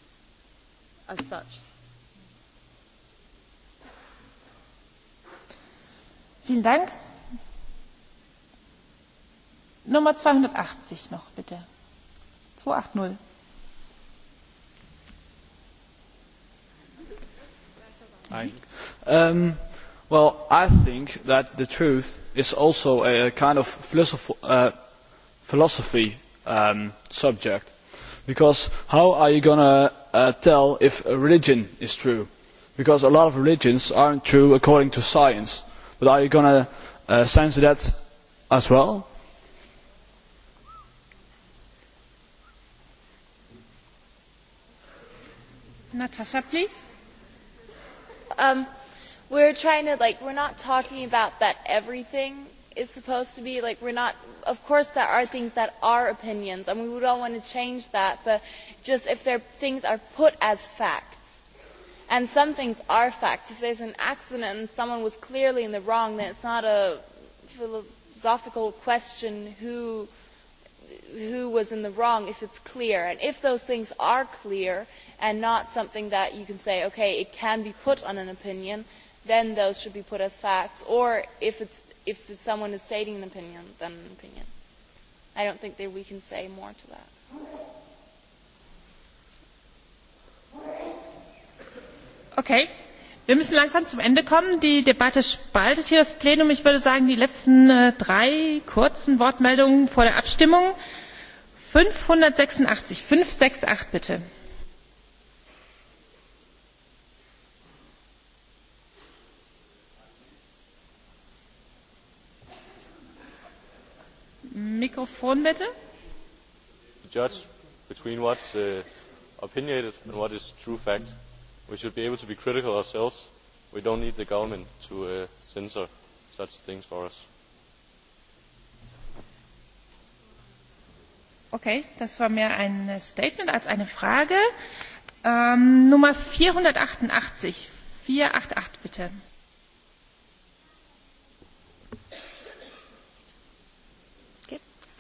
as such.
Vielen Dank. Nummer 280 noch, bitte. 280.
Um, well, I think that the truth is also a kind of uh, philosophy um, subject. Because how are you going to uh, tell if a religion is true? Because a lot of religions aren't true according to science. But are you going to uh, censor that as well?
Natasha, please. Um,
we're trying to like we're not talking about that everything is supposed to be like we're not of course there are things that are opinions and we don't want to change that but just if there things are put as facts and some things are facts if there's an accident and someone was clearly in the wrong then it's not a philosophical question who who was in the wrong if it's clear. And if those things are clear and not something that you can say, okay, it can be put on an opinion, then those should be put as facts. Or if, it's, if someone is stating an opinion, then an opinion. I don't think that we can say more to that.
Okay wir müssen langsam zum ende kommen. die debatte spaltet hier das plenum. ich würde sagen die letzten äh, drei kurzen wortmeldungen vor der abstimmung fünfhundertsechsundachtzig fünfhundertachtundsechzig bitte. mikrofon bitte.
judge between what is uh, opinionated and what is true fact we should be able to be critical ourselves. we do not need the government to uh, censor such things for us.
Okay, das war mehr ein Statement als eine Frage. Ähm, Nummer 488. 488 bitte.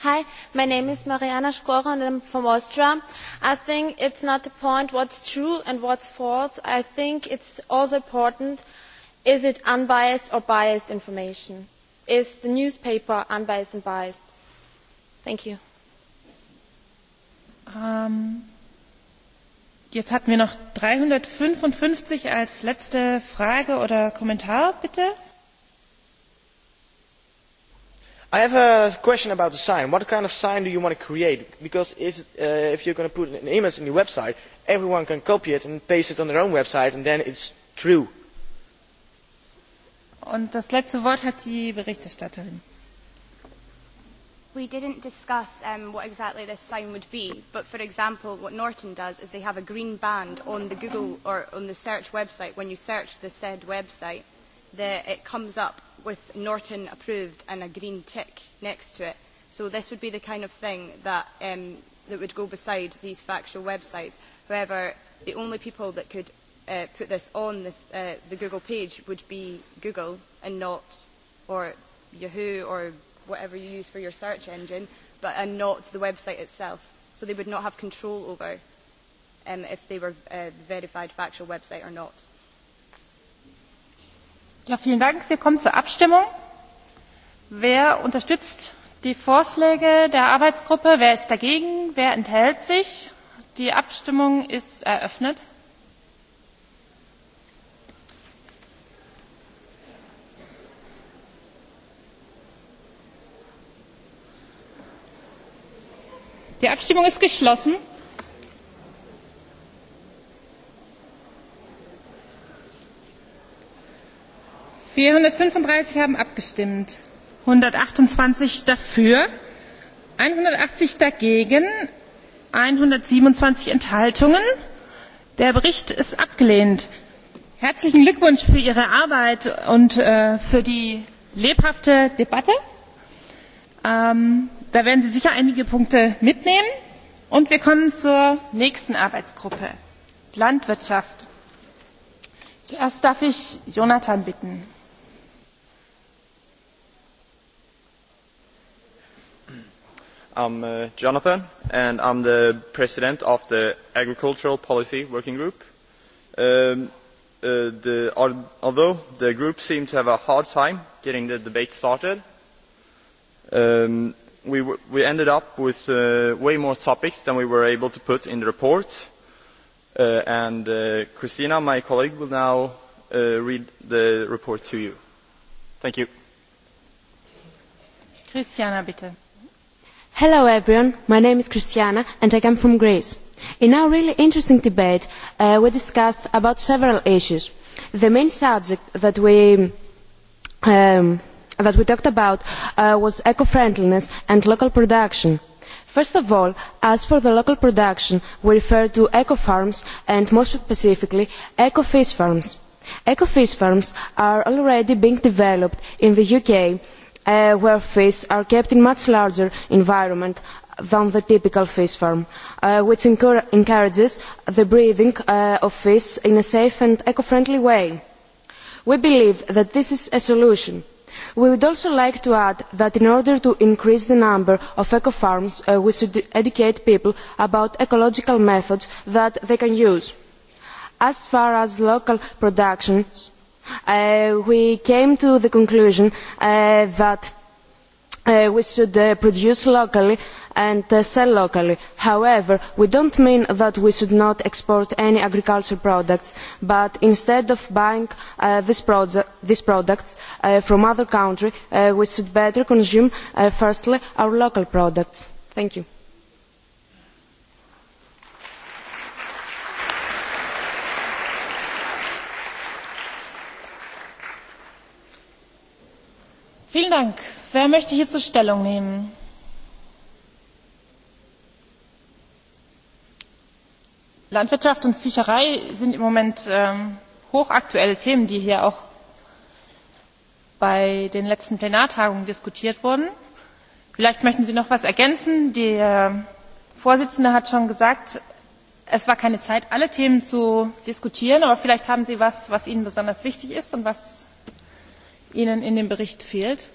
Hi, my name is Mariana Skora and I'm from Austria. I think it's not the point what's true and what's false. I think it's also important is it unbiased or biased information? Is the newspaper unbiased and biased?
Thank you. Um, jetzt hatten wir noch 355 als letzte Frage oder Kommentar, bitte.
I have a question about the sign. What kind of sign do you want to create? Because uh, if you are going to put an image on your website, everyone can copy it and paste it on their own website, and then it is true.
Und das letzte Wort hat die Berichterstatterin.
We didn't discuss um, what exactly this sign would be, but for example, what Norton does is they have a green band on the Google or on the search website. When you search the said website, the, it comes up with Norton approved and a green tick next to it. So this would be the kind of thing that, um, that would go beside these factual websites. However, the only people that could uh, put this on this, uh, the Google page would be Google and not, or Yahoo or whatever you use for your search engine, but and not the website itself. So they would not have control over um, if they were a uh, verified factual website or not.
Wir kommen zur Abstimmung. Wer unterstützt die Vorschläge der Arbeitsgruppe? Wer ist dagegen? Wer enthält sich? Die Abstimmung ist eröffnet. Die Abstimmung ist geschlossen. vierhundertfünfunddreißig haben abgestimmt einhundertachtundzwanzig dafür einhundertachtzig dagegen einhundertsiebenundzwanzig enthaltungen. der bericht ist abgelehnt. herzlichen glückwunsch für ihre arbeit und äh, für die lebhafte debatte! Ähm, da werden sie sicher einige punkte mitnehmen. und wir kommen zur nächsten arbeitsgruppe landwirtschaft. zuerst darf ich jonathan bitten.
I'm uh, Jonathan, and I'm the president of the Agricultural Policy Working Group. Um, uh, although the group seemed to have a hard time getting the debate started, um, we, ended up with uh, way more topics than we were able to put in the report. and cristina my colleague, will now read the report to you. Thank you.
Christiana, bitte.
Hello everyone, my name is Christiana and I come from Greece. In our really interesting debate, uh, we discussed about several issues. The main subject that we, um, that we talked about uh, was eco-friendliness and local production. First of all, as for the local production, we refer to eco-farms and more specifically, eco-fish farms. Eco-fish farms are already being developed in the UK uh, where fish are kept in much larger environment than the typical fish farm, uh, which encour encourages the breeding uh, of fish in a safe and eco-friendly way. We believe that this is a solution. We would also like to add that in order to increase the number of eco-farms, uh, we should educate people about ecological methods that they can use. As far as local productions uh, we came to the conclusion uh, that uh, we should uh, produce locally and uh, sell locally. However, we don't mean that we should not export any agricultural products, but instead of buying uh, these, products uh, from other countries, uh, we should better consume uh, firstly our local products. Thank you.
Vielen Dank. Wer möchte hierzu Stellung nehmen? landwirtschaft und fischerei sind im moment ähm, hochaktuelle themen die hier auch bei den letzten plenartagungen diskutiert wurden. vielleicht möchten sie noch etwas ergänzen. der vorsitzende hat schon gesagt es war keine zeit alle themen zu diskutieren aber vielleicht haben sie etwas was ihnen besonders wichtig ist und was ihnen in dem bericht fehlt?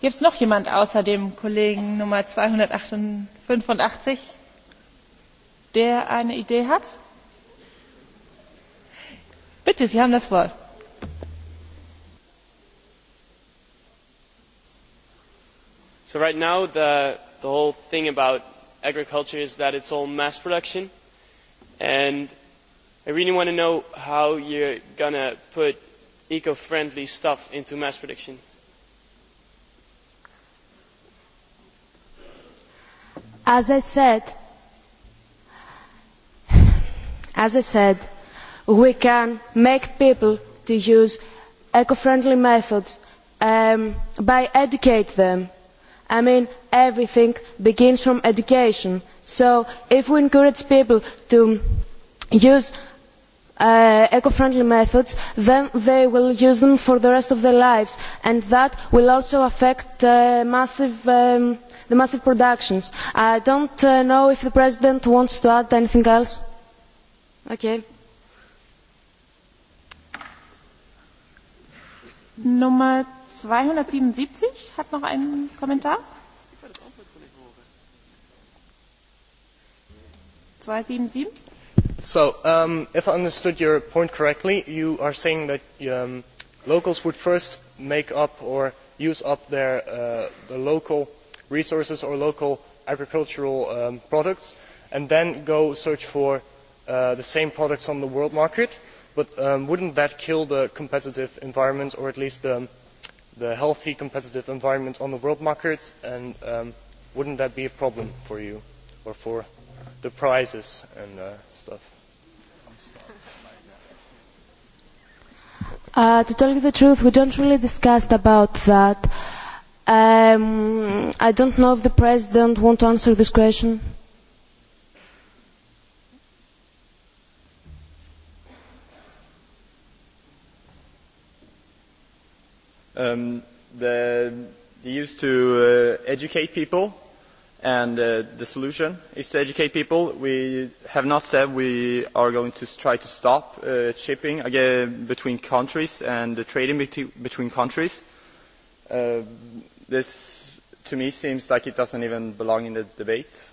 gibt es noch jemanden außer dem kollegen nummer zweihundertfünfundachtzig der eine idee hat? bitte sie haben das wort.
so right now the, the whole thing about agriculture is that it's all mass production and I really want to know how you're going to put eco-friendly stuff into mass production.
As I said, as I said, we can make people to use eco-friendly methods um, by educate them. I mean, everything begins from education So if we encourage people to use uh, eco-friendly methods, then they will use them for the rest of their lives, and that will also affect uh, massive, um, the massive productions. I don't uh, know if the President wants
to add anything else. Okay. Nummer 277 hat noch einen Kommentar.
so um, if i understood your point correctly you are saying that um, locals would first make up or use up their uh, local resources or local agricultural um, products and then go search for uh, the same products on the world market but would that not kill the competitive environment or at least the healthy competitive environment on the world market and would that not be a problem for you or for the eu? the
prizes and uh, stuff.
Uh, to tell you the truth, we don't really discuss about that. Um, I don't know if the president wants to answer this question.
Um, the, they used to uh, educate people and uh, the solution is to educate people. We have not said we are going to try to stop uh, shipping again between countries and the trading between countries. Uh, this, to me, seems like it doesn't even belong in the debate.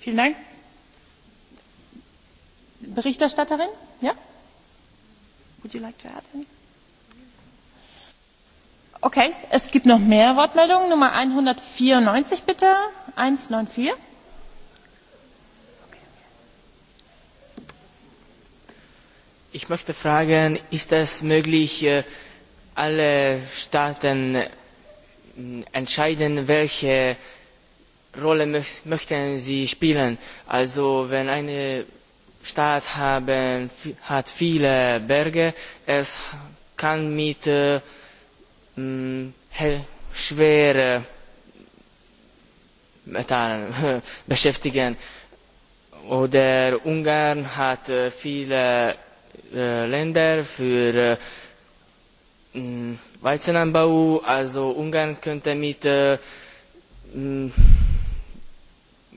Vielen Dank. Berichterstatterin? Ja? Would you like to add anything? Okay, es gibt noch mehr Wortmeldungen. Nummer 194 bitte. 194.
Ich möchte fragen, ist es möglich, äh, alle Staaten äh, entscheiden, welche Rolle möchten sie spielen? Also wenn eine staat haben, hat viele Berge. Es kann mit äh, mm, schweren Metallen beschäftigen. Oder Ungarn hat äh, viele äh, Länder für äh, mm, Weizenanbau, also Ungarn könnte mit, äh, mm,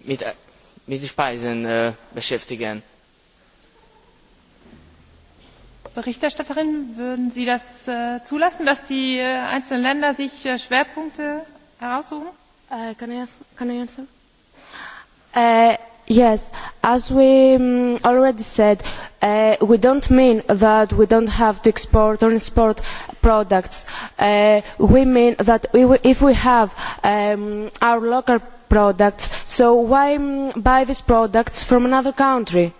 mit, äh, mit Speisen äh, beschäftigen.
Berichterstatterin, würden Sie das äh, zulassen, dass die äh, einzelnen Länder sich äh, Schwerpunkte heraussuchen? Uh, can,
I yes, as we um, already said, uh, we don't mean that we don't have to export or export products. Uh, we mean that we, if we have um, our local products, so why um, buy these products from another country?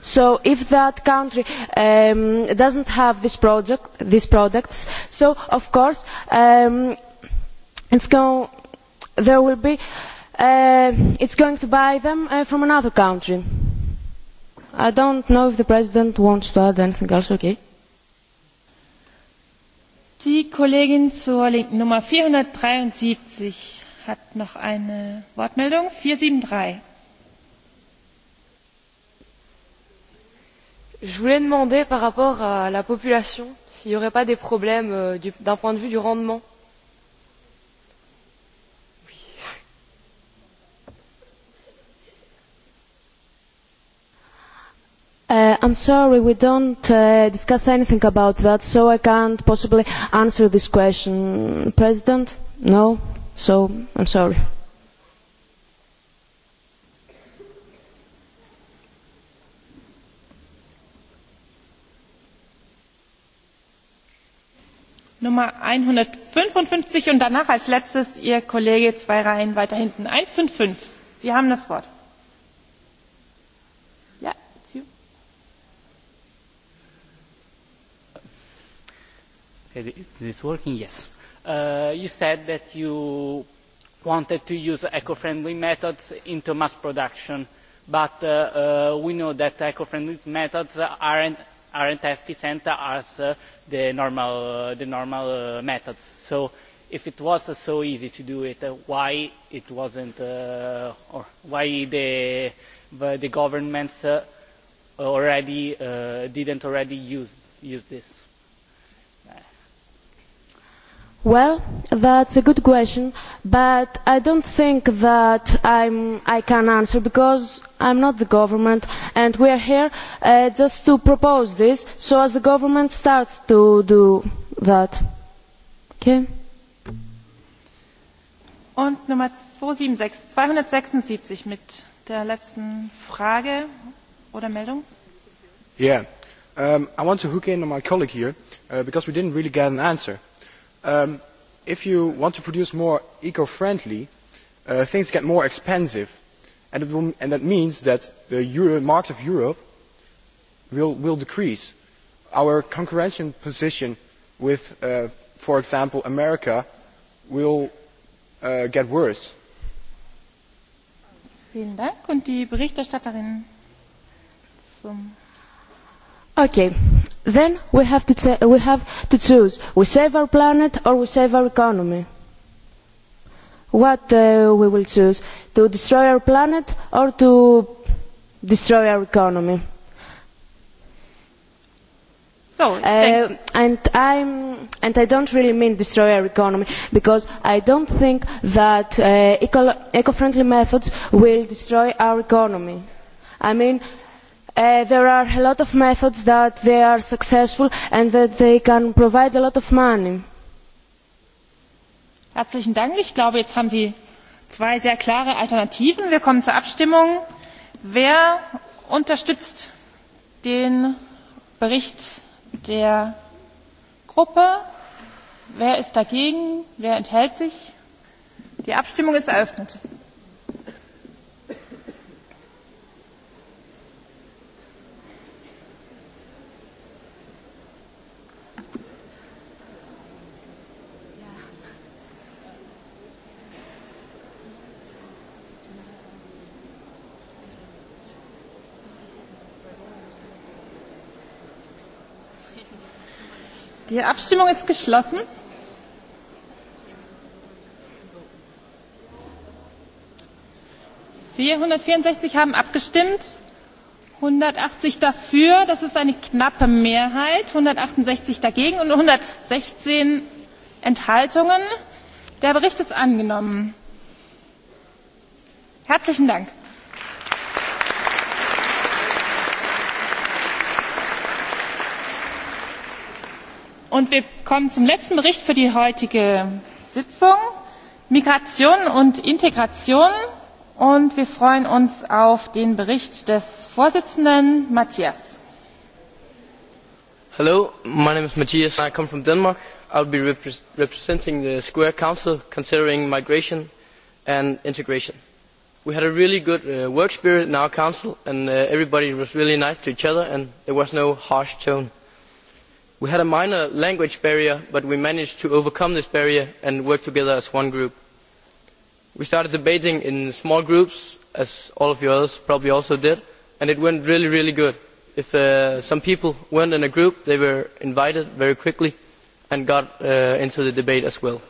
so if that country um, not have this project, these products, so of course um, it's going, there will be, uh, it's going to buy them uh, from another country. I don't know if the president wants to add anything else. Okay.
Die Kollegin zur Nummer 473 hat noch eine Wortmeldung. 473.
je voulais demander par rapport à la population s'il n'y aurait pas des problèmes euh, d'un point de vue du
rendement. Uh, I'm sorry, we don't uh, discuss anything about that, so I can't possibly answer this question. President? No? So, I'm sorry.
Nummer 155 und danach als letztes Ihr Kollege zwei Reihen weiter hinten. 155. Sie haben das Wort. Ja, it's you.
Is this working? Yes. Uh, you said that you wanted to use eco-friendly methods into mass production, but uh, uh, we know that eco-friendly methods aren't aren't epicenter as uh, the normal, uh, the normal uh, methods. So if it was uh, so easy to do it, uh, why it wasn't, uh, or why the, the governments uh, already uh, didn't already use, use this?
Well, that's a good question, but I don't think that I'm, I can answer because I'm not the government and we are here uh, just to propose this so as the government starts to do that. Okay?
Und Nummer 276, 276 mit der letzten Frage oder Meldung.
Yeah,
um, I want to hook in on my colleague here uh, because we didn't really get an answer Um, if you want to produce more eco-friendly, uh, things get more expensive, and, that means that the market of Europe will,
decrease. Our concurrential position with, uh, for example, America will uh, get worse.
Vielen Dank und die Berichterstatterin zum
Okay then we have to, we have to choose. We save our planet or we save our economy. What uh, we will choose? To destroy our planet or to destroy our economy? So, uh, and I'm and I don't really mean destroy our economy because I don't think that uh, eco-friendly eco methods will destroy our economy. I mean Uh, there are a lot of methods that they are successful and that they can provide a lot of money.
Herzlichen Dank. Ich glaube, jetzt haben Sie zwei sehr klare Alternativen. Wir kommen zur Abstimmung. Wer unterstützt den Bericht der Gruppe? Wer ist dagegen? Wer enthält sich? Die Abstimmung ist eröffnet. Die Abstimmung ist geschlossen. vierhundertvierundsechzig haben abgestimmt einhundertachtzig dafür das ist eine knappe mehrheit einhundertachtundsechzig dagegen und einhundertsechzehn enthaltungen. der bericht ist angenommen. herzlichen dank! und wir kommen zum letzten bericht für die heutige sitzung migration und integration und wir freuen uns auf den bericht des vorsitzenden matthias.
hello my name is matthias i come from denmark. i will be repre representing the square council considering migration and integration. we had a really good uh, work spirit in our council and uh, everybody was really nice to each other and there was no harsh tone we had a minor language barrier but we managed to overcome this barrier and work together as one group. we started debating in small groups as all of you others probably also did and it went really really good. if uh, some people were not in a group they were invited very quickly and got uh, into the debate as well.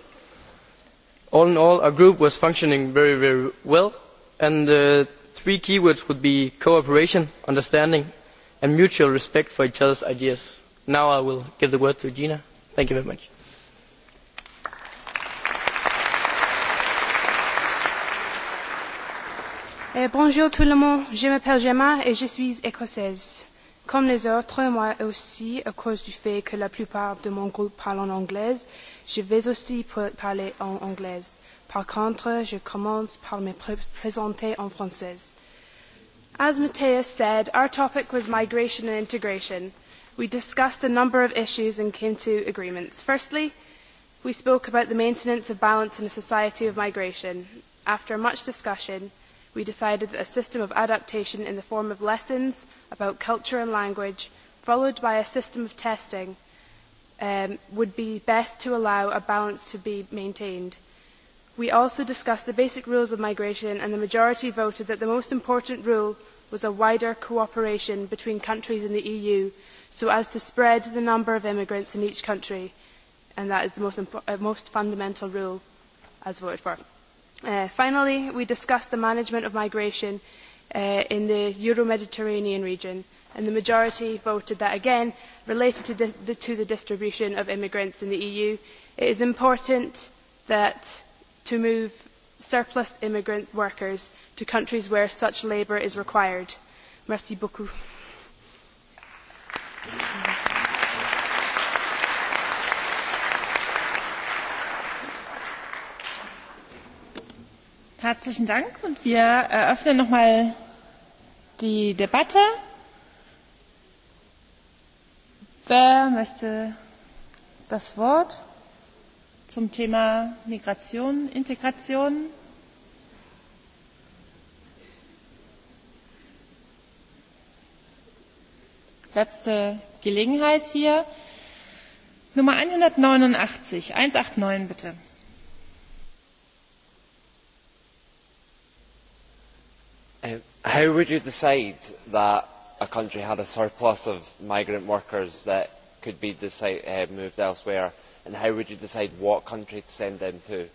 all in all our group was functioning very well and the uh, three key words would be cooperation understanding and mutual respect for each other's ideas now i will give the word to gina. thank you very much.
Eh, bonjour tout le monde, je m'appelle Gemma et je suis écossaise. Comme les autres, moi aussi, à cause du fait que la plupart de mon groupe parle en anglais, je vais aussi parler en anglais. Par contre, je commence par me présenter en français. As Matthias said, our topic was migration and integration we discussed a number of issues and came to agreements. Firstly, we spoke about the maintenance of balance in a society of migration. After much discussion, we decided that a system of adaptation in the form of lessons about culture and language, followed by a system of testing, um, would be best to allow a balance to be maintained. We also discussed the basic rules of migration, and the majority voted that the most important rule was a wider cooperation between countries in the EU so as to spread the number of immigrants in each country. And that is the most, impo- uh, most fundamental rule as voted for. Uh, finally, we discussed the management of migration uh, in the Euro-Mediterranean region, and the majority voted that again, related to, di- the, to the distribution of immigrants in the EU, it is important that to move surplus immigrant workers to countries where such labour is required. Merci beaucoup.
Herzlichen Dank. Und wir eröffnen nochmal die Debatte. Wer möchte das Wort zum Thema Migration, Integration? letzte Gelegenheit hier. Nummer 189, 189 bitte.
Uh, how would you decide that a country had a surplus of migrant workers that could be decide, uh, moved elsewhere, and how would you decide what country to send them to?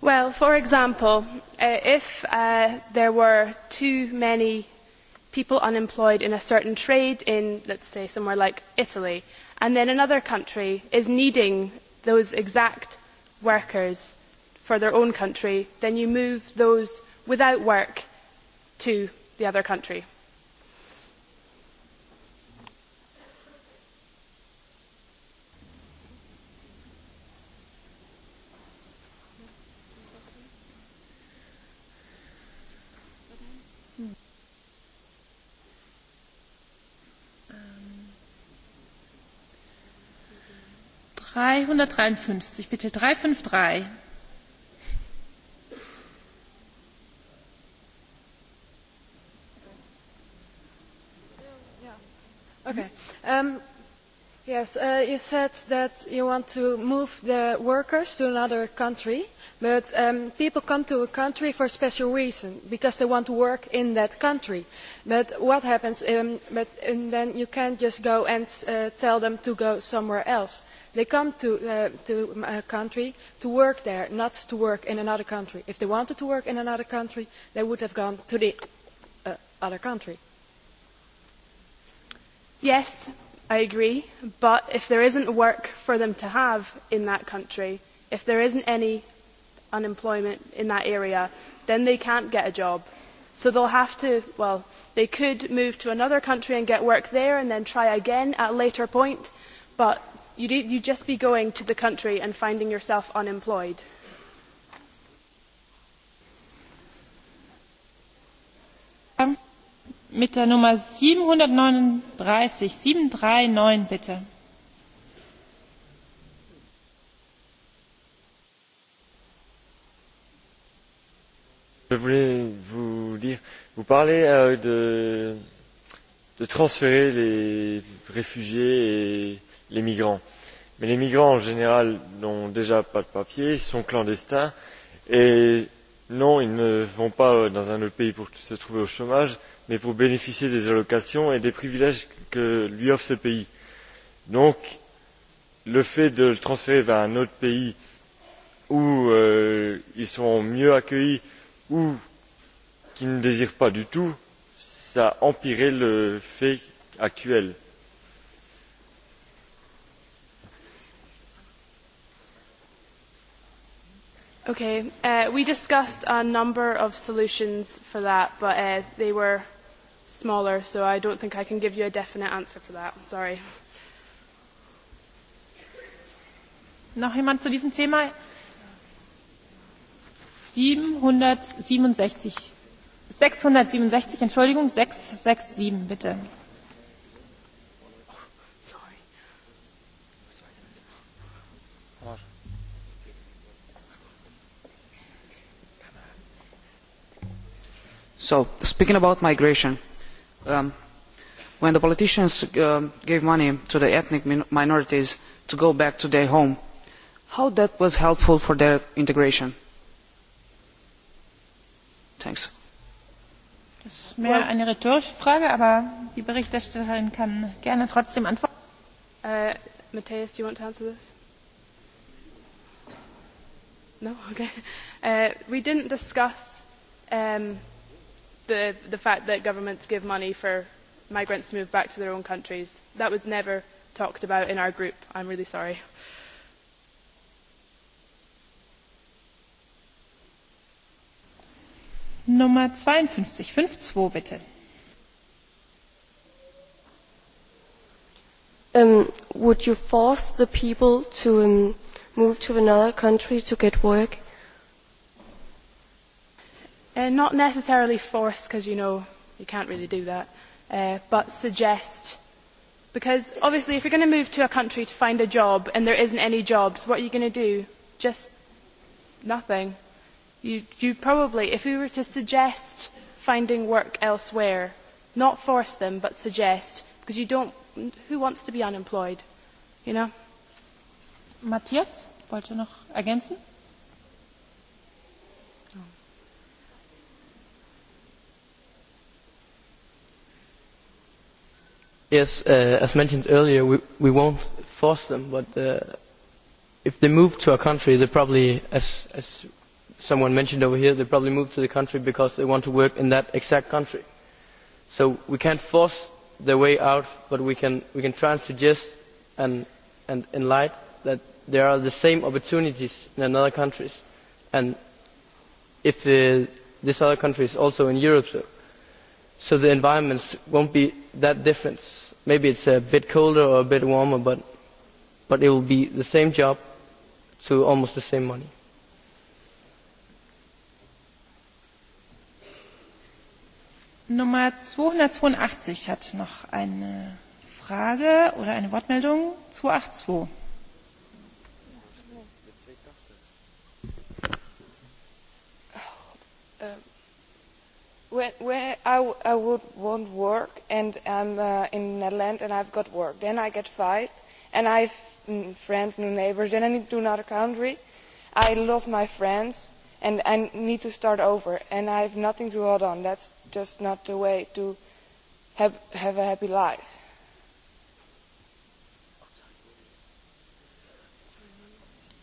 Well, for example, uh, if uh, there were too many people unemployed in a certain trade in, let's say, somewhere like Italy, and then another country is needing those exact workers for their own country, then you move those without work to the other country.
353, bitte 353.
Okay. Um, Uh, you said that you want to move the workers to another country, but um, people come to a country for a special reason, because they want to work in that country. But what happens, um, then you cannot just go and uh, tell them to go somewhere else. They come uh, to, a country to work there, not to work in another country. If they wanted to work in another country, they would have gone to the other country.
Yes, I agree, but if there isn't work for them to have in that country, if there isn't any unemployment in that area, then they can't get a job. So they'll have to, well, they could move to another country and get work there and then try again at a later point, but you'd, you'd just be going to the country and finding yourself unemployed.
Um mit der nummer siebenhundertneununddreißig bitte.
je voulais vous dire vous parlez euh, de, de transférer les réfugiés et les migrants mais les migrants en général n'ont déjà pas de papiers sont clandestins et non ils ne vont pas euh, dans un autre pays pour se trouver au chômage mais pour bénéficier des allocations et des privilèges que lui offre ce pays. donc le fait de le transférer vers un autre pays où euh, ils seront mieux accueillis ou qui ne désirent pas du tout cela empirerait le fait actuel.
Okay. Uh, we discussed a number of solutions for that, but uh, they were smaller, so I don't think I can give you a definite answer for that. Sorry.
Noch jemand zu diesem Thema? 767. 667, Entschuldigung, 667, bitte.
So, speaking about migration, Um, when the politicians um, gave money to the ethnic minorities to go back to their home, how that was helpful for their integration?
Thanks.
Das ist mehr eine rhetorische Frage, aber die Berichterstatterin kann gerne trotzdem antworten.
Uh, Matthias, do you want to answer this?
No? Okay. Uh, we
didn't discuss um, the, fact that governments give money for migrants to move back to their own countries. That was never talked about in our group. I'm really sorry.
Nummer 52, 52 bitte. Um,
would you force the people to um, move to another country to get work?
Uh, not necessarily force, because you know you can't really do that, uh, but suggest. Because obviously, if you're going to move to a country to find a job and there isn't any jobs, what are you going to do? Just nothing. You, you probably, if we were to suggest finding work elsewhere, not force them, but suggest, because you don't. Who wants to be unemployed? You know.
Matthias, wollte noch ergänzen?
Yes, uh, as mentioned earlier, we, we won't force them, but uh, if they move to a country, they probably, as, as someone mentioned over here, they probably move to the country because they want to work in that exact country. So we can't force their way out, but we can, we can try and suggest and, and enlighten that there are the same opportunities in other countries. And if uh, this other country is also in Europe, so, so the environments won't be that difference. Maybe it's a bit colder or a bit warmer, but but it will be the same job to almost the same money.
Nummer 282 hat noch eine Frage oder eine Wortmeldung. 282.
Um, äh,
when, I, I would want work and I'm uh, in Netherlands and I've got work, then I get fired and I have mm, friends, new neighbors, then I need to another country. I lost my friends and I need to start over and I have nothing to hold on. That's just not the way to have,
have a happy life.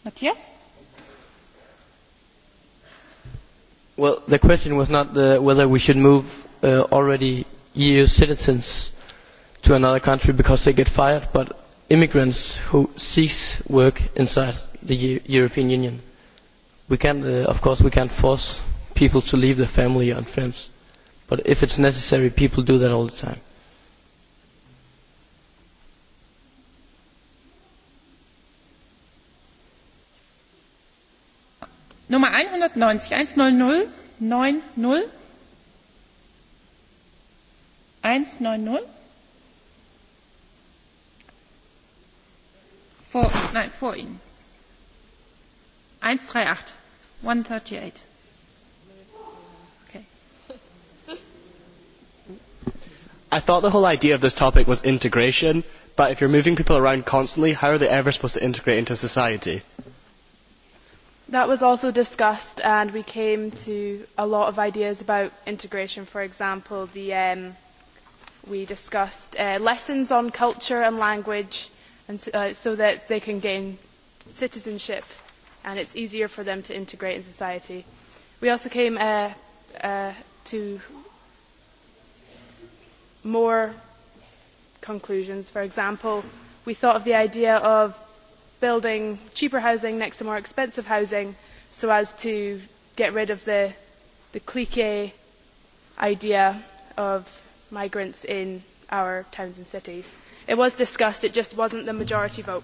Matthias?
Well, the question was not the, uh, whether we should move uh, already EU citizens to another country because they get fired, but immigrants who seek work inside the U- European Union. We can, uh, of course, we can't force people to leave their family and friends, but if it's necessary, people do that all the time.
nummer 190 einhundertneunzig 190. vor nein vor ihnen einhundertachtunddreißig einhundertachtunddreißig
I thought the whole idea of this topic was integration, but if you're moving people around constantly, how are they ever supposed to integrate into society?
That was also discussed, and we came to a lot of ideas about integration. For example, the, um, we discussed uh, lessons on culture and language and so, uh, so that they can gain citizenship and it's easier for them to integrate in society. We also came uh, uh, to more conclusions. For example, we thought of the idea of building cheaper housing next to more expensive housing so as to get rid of the, the clique idea of migrants in our towns and cities. It was discussed, it just wasn't the majority vote.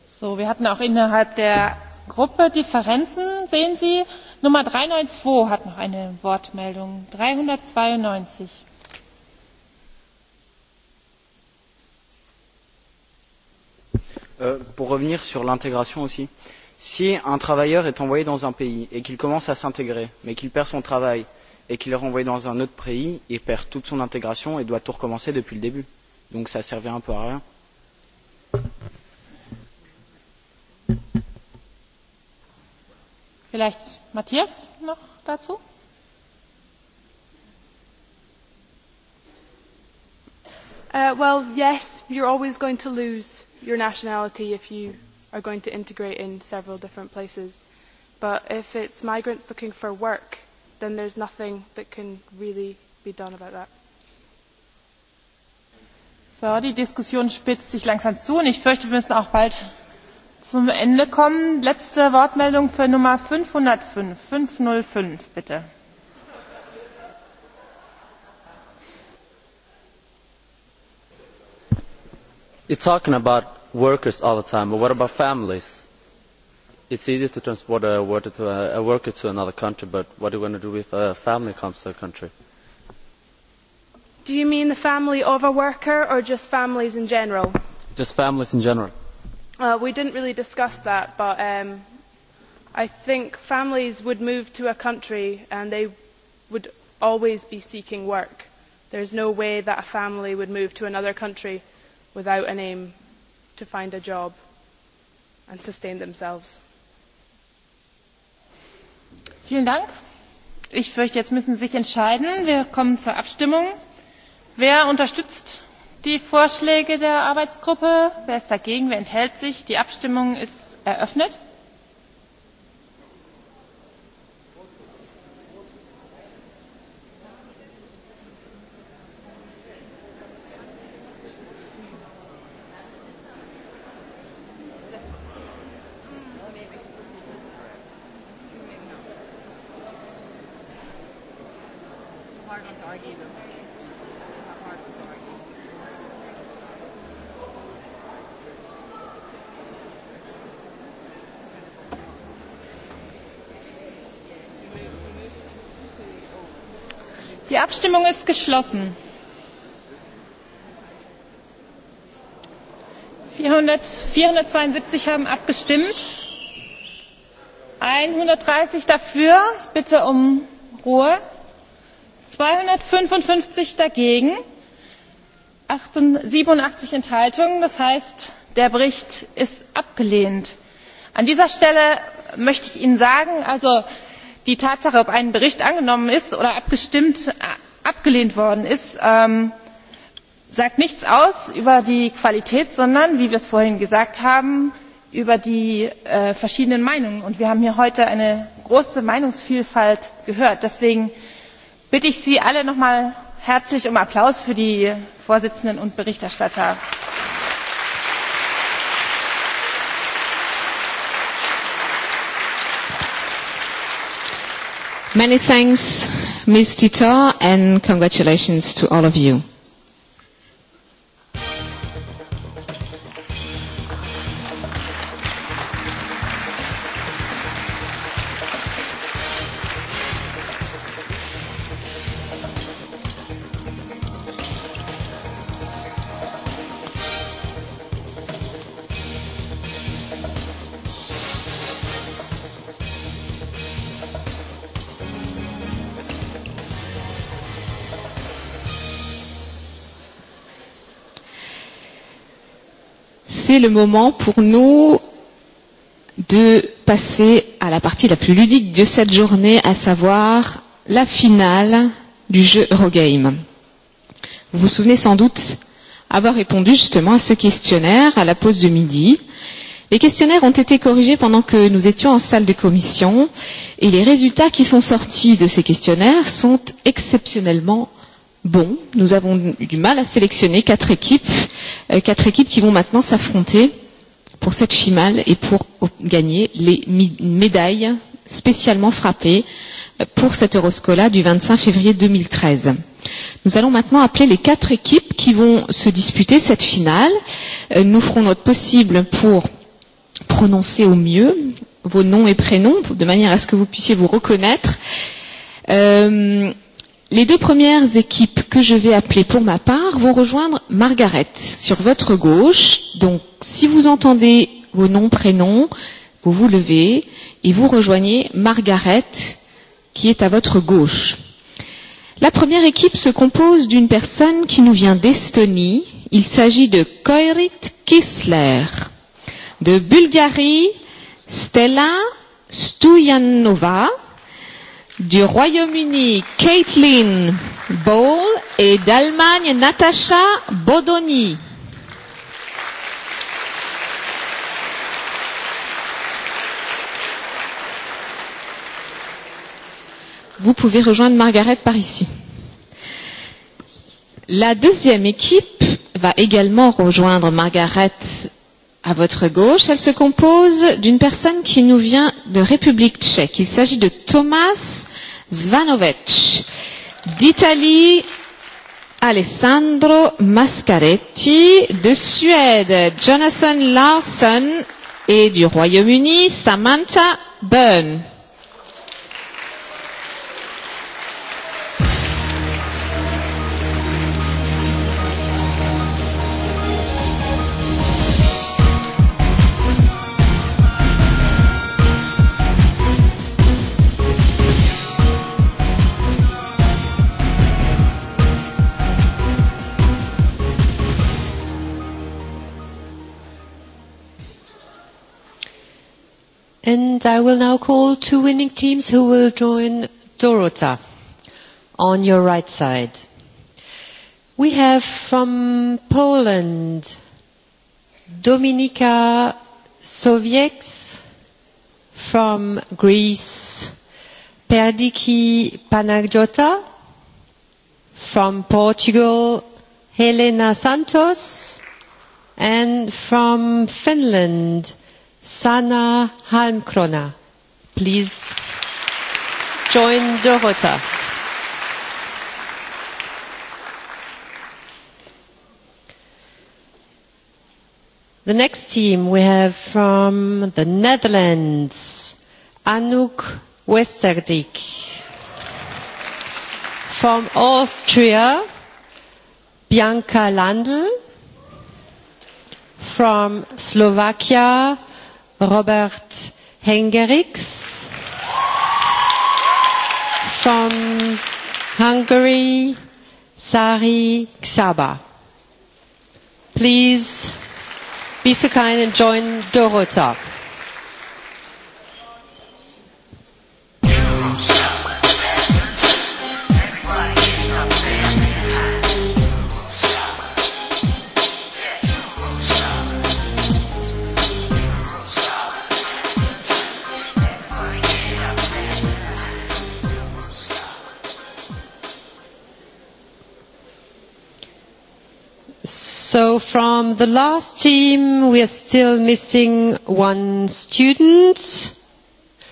So, wir hatten auch innerhalb der Gruppe Differenzen, sehen Sie. Nummer 392 hat noch eine Wortmeldung. 392.
Euh, pour revenir sur l'intégration aussi. Si un travailleur est envoyé dans un pays et qu'il commence à s'intégrer, mais qu'il perd son travail et qu'il est renvoyé dans un autre pays, il perd toute son intégration et doit tout recommencer depuis le début. Donc ça servait un peu à rien.
Vielleicht Matthias noch dazu? Uh, well, yes, you're
always going to lose your nationality if you are going to integrate in several different places. But if it's migrants looking for work, then there's nothing that can really be done about that.
So, die Diskussion spitzt sich langsam zu und ich fürchte, wir müssen auch bald zum Ende kommen. Letzte Wortmeldung für Nummer 505. 505, bitte.
you are talking about workers all the time but what about families? it is easy to transport a worker to another country but what are you going to do if a family comes to the country?
do you mean the family of a worker or just families in general?
just families in general.
Uh, we did not really discuss that but um, i think families would move to a country and they would always be seeking work. there is no way that a family would move to another country without an aim to find a job and sustain themselves.
Vielen Dank. Ich fürchte, jetzt müssen Sie sich entscheiden. Wir kommen zur Abstimmung. Wer unterstützt die Vorschläge der Arbeitsgruppe? Wer ist dagegen? Wer enthält sich? Die Abstimmung ist eröffnet. Die Abstimmung ist geschlossen. 400, 472 haben abgestimmt. 130 dafür. Ich bitte um Ruhe. 255 dagegen. 87 Enthaltungen. Das heißt, der Bericht ist abgelehnt. An dieser Stelle möchte ich Ihnen sagen, also die tatsache ob ein bericht angenommen oder äh, abgelehnt worden ist ähm, sagt nichts aus über die qualität sondern wie wir es vorhin gesagt haben über die äh, verschiedenen meinungen. und wir haben hier heute eine große meinungsvielfalt gehört. deswegen bitte ich sie alle noch einmal herzlich um applaus für die vorsitzenden und berichterstatter.
Many thanks, Ms. Titor, and congratulations to all of you. c'est le moment pour nous de passer à la partie la plus ludique de cette journée, à savoir la finale du jeu Eurogame. Vous vous souvenez sans doute avoir répondu justement à ce questionnaire à la pause de midi. Les questionnaires ont été corrigés pendant que nous étions en salle de commission et les résultats qui sont sortis de ces questionnaires sont exceptionnellement euh, Bon, nous avons eu du mal à sélectionner quatre équipes, euh, quatre équipes qui vont maintenant s'affronter pour cette finale et pour gagner les médailles spécialement frappées euh, pour cette Euroscola du 25 février 2013. Nous allons maintenant appeler les quatre équipes qui vont se disputer cette finale. Euh, Nous ferons notre possible pour prononcer au mieux vos noms et prénoms de manière à ce que vous puissiez vous reconnaître. Euh, Les deux premières équipes que je vais appeler pour ma part vont rejoindre Margaret sur votre gauche. Donc, si vous entendez vos noms, prénoms, vous vous levez et vous rejoignez Margaret qui est à votre gauche. La première équipe se compose d'une personne qui nous vient d'Estonie. Il s'agit de Koirit Kisler, de Bulgarie, Stella Stuyanova, du Royaume-Uni, Caitlin Ball et d'Allemagne, Natacha Bodoni. Vous pouvez rejoindre Margaret par ici. La deuxième équipe va également rejoindre Margaret À votre gauche, elle se compose d'une personne qui nous vient de République tchèque. Il s'agit de Thomas Zvanovic. D'Italie, Alessandro Mascaretti. De Suède, Jonathan Larson. Et du Royaume-Uni, Samantha Byrne.
And I will now call two winning teams who will join Dorota on your right side. We have from Poland Dominika Sowieks, from Greece Perdiki Panagiota, from Portugal Helena Santos, and from Finland Sanna Halmkrona. Please join the Dorota. The next team we have from the Netherlands, Anouk Westerdijk. From Austria, Bianca Landl. From Slovakia, Robert Hengerix from Hungary, Sari Xaba. Please be so kind and join Dorota. So from the last team, we are still missing one student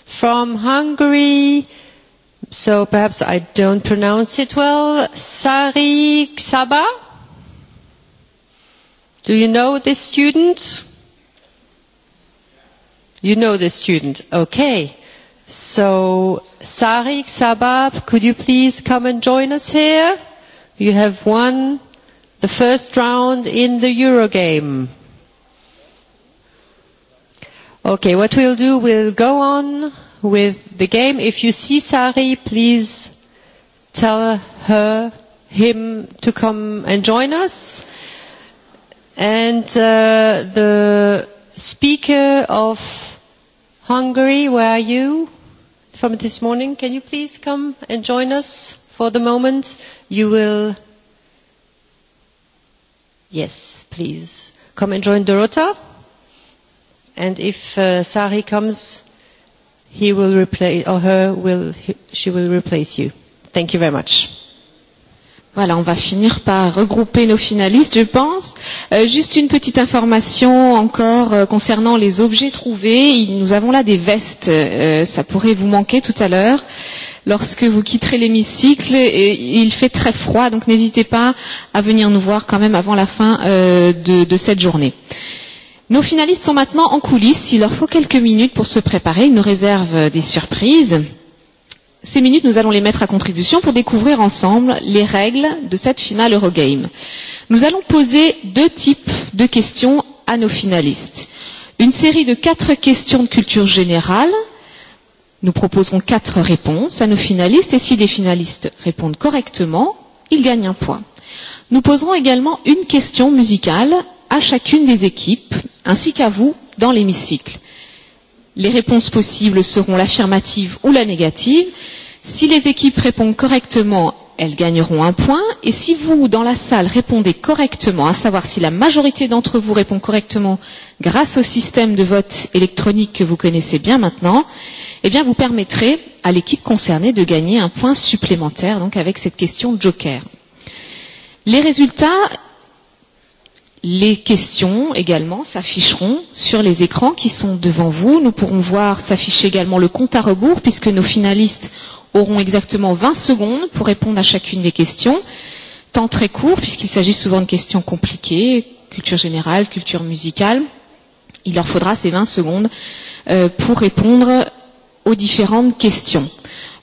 from Hungary. So perhaps I don't pronounce it well. Sari Xaba? Do you know this student? You know this student. Okay. So Sari Xaba, could you please come and join us here? You have one the first round in the Eurogame. Okay, what we'll do, we'll go on with the game. If you see Sari, please tell her, him to come and join us. And uh, the speaker of Hungary, where are you from this morning? Can you please come and join us for the moment? You will Yes, please. Come and join Dorota. And if uh, Sari comes, he will replace, or her will, he, she will replace you. Thank you very much.
Voilà, on va finir par regrouper nos finalistes, je pense. Euh, juste une petite information encore euh, concernant les objets trouvés. Nous avons là des vestes. Euh, ça pourrait vous manquer tout à l'heure. Euh, lorsque vous quitterez l'hémicycle et il fait très froid, donc n'hésitez pas à venir nous voir quand même avant la fin euh, de, de cette journée. Nos finalistes sont maintenant en coulisses. Il leur faut quelques minutes pour se préparer. Ils nous réservent des surprises. Ces minutes, nous allons les mettre à contribution pour découvrir ensemble les règles de cette finale Eurogame. Nous allons poser deux types de questions à nos finalistes. Une série de quatre questions de culture générale Nous proposerons quatre réponses à nos finalistes et si les finalistes répondent correctement, ils gagnent un point. Nous poserons également une question musicale à chacune des équipes ainsi qu'à vous dans l'hémicycle. Les réponses possibles seront l'affirmative ou la négative. Si les équipes répondent correctement elles gagneront un point. Et si vous, dans la salle, répondez correctement, à savoir si la majorité d'entre vous répond correctement grâce au système de vote électronique que vous connaissez bien maintenant, eh bien, vous permettrez à l'équipe concernée de gagner un point supplémentaire, donc avec cette question joker. Les résultats, les questions également s'afficheront sur les écrans qui sont devant vous. Nous pourrons voir s'afficher également le compte à rebours puisque nos finalistes auront exactement 20 secondes pour répondre à chacune des questions. Temps très court, puisqu'il s'agit souvent de questions compliquées, culture générale, culture musicale. Il leur faudra ces 20 secondes euh, pour répondre aux différentes questions.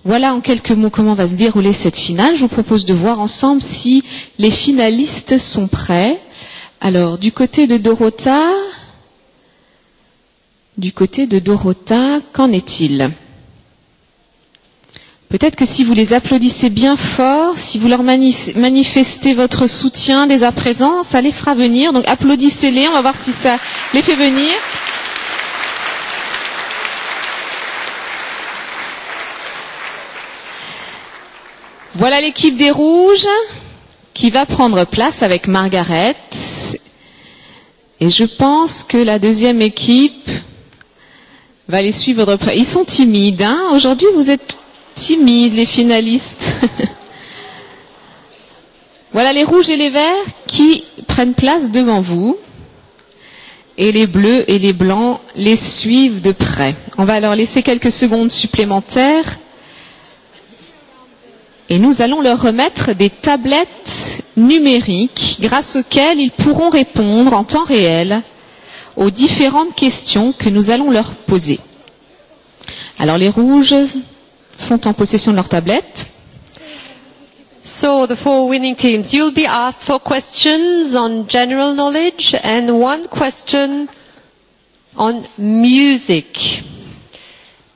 Voilà en quelques mots comment va se dérouler cette finale. Je vous propose de voir ensemble si les finalistes sont prêts. Alors, du côté de Dorota, du côté de Dorota, qu'en est-il? Peut-être que si vous les applaudissez bien fort, si vous leur mani manifestez votre soutien dès à présent, ça les fera venir. Donc applaudissez-les, on va voir si ça les fait venir. Voilà l'équipe des Rouges qui va prendre place avec Margaret. Et je pense que la deuxième équipe va les suivre Ils sont timides. Hein Aujourd'hui, vous êtes timides, les finalistes. voilà les rouges et les verts qui prennent place devant vous. Et les bleus et les blancs les suivent de près. On va leur laisser quelques secondes supplémentaires. Et nous allons leur remettre des tablettes numériques grâce auxquelles ils pourront répondre en temps réel aux différentes questions que nous allons leur poser. Alors les rouges, sont en possession de leur tablette. So
the four winning teams, you'll be asked four questions on general knowledge and one question on music.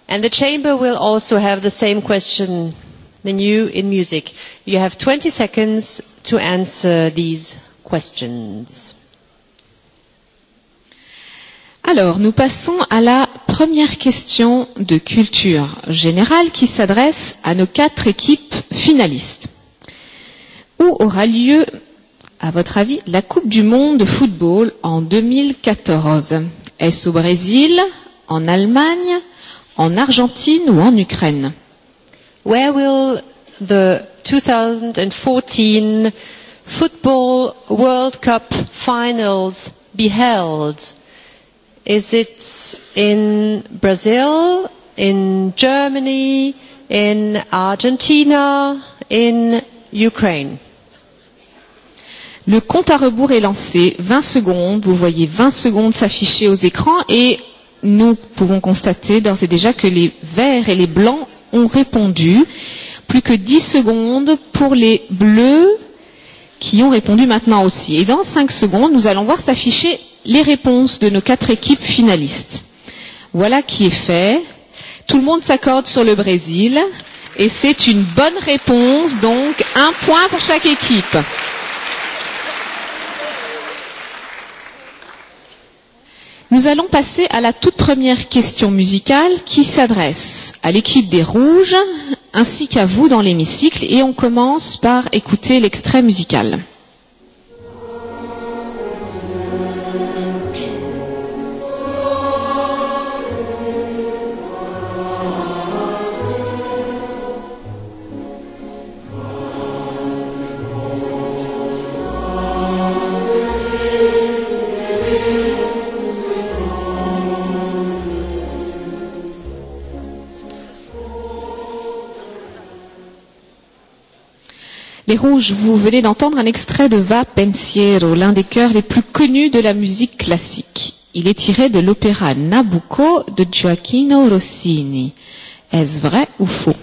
And the chamber will also have the same question than you in music. You have 20 seconds to answer these questions.
Alors, nous passons à la première question de culture générale qui s'adresse à nos quatre équipes finalistes. Où aura lieu, à votre avis, la Coupe du Monde de football en 2014 Est-ce au Brésil, en Allemagne, en Argentine ou en Ukraine Where will the 2014
Football World Cup Finals be held Is it in Brazil, in Germany, in Argentina, in Ukraine?
Le compte à rebours est lancé. 20 secondes. Vous voyez 20 secondes s'afficher aux écrans et nous pouvons constater d'ores et déjà que les verts et les blancs ont répondu. Plus que 10 secondes pour les bleus qui ont répondu maintenant aussi. Et dans 5 secondes, nous allons voir s'afficher les réponses de nos quatre équipes finalistes. Voilà qui est fait. Tout le monde s'accorde sur le Brésil et c'est une bonne réponse, donc un point pour chaque équipe. Nous allons passer à la toute première question musicale qui s'adresse à l'équipe des Rouges ainsi qu'à vous dans l'hémicycle et on commence par écouter l'extrait musical. Les Rouges, vous venez d'entendre un extrait de Va Pensiero, l'un des chœurs les plus connus de la musique classique. Il est tiré de l'opéra Nabucco de Gioacchino Rossini. Est-ce vrai ou faux?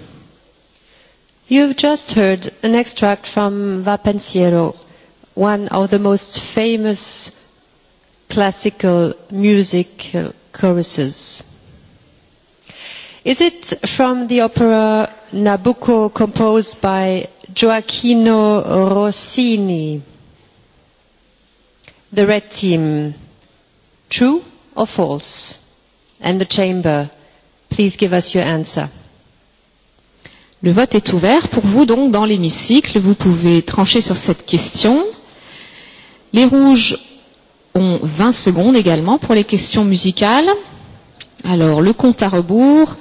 You've just heard an extract
from Va Pensiero, one of the most famous classical music uh, choruses. Is it from the opera Nabucco composed by Gioacchino Rossini. The red team, true or false? And the chamber, please give us your
answer. Le vote est ouvert pour vous donc dans l'hémicycle. Vous pouvez trancher sur cette question. Les rouges ont 20 secondes également pour les questions musicales. Alors le compte à rebours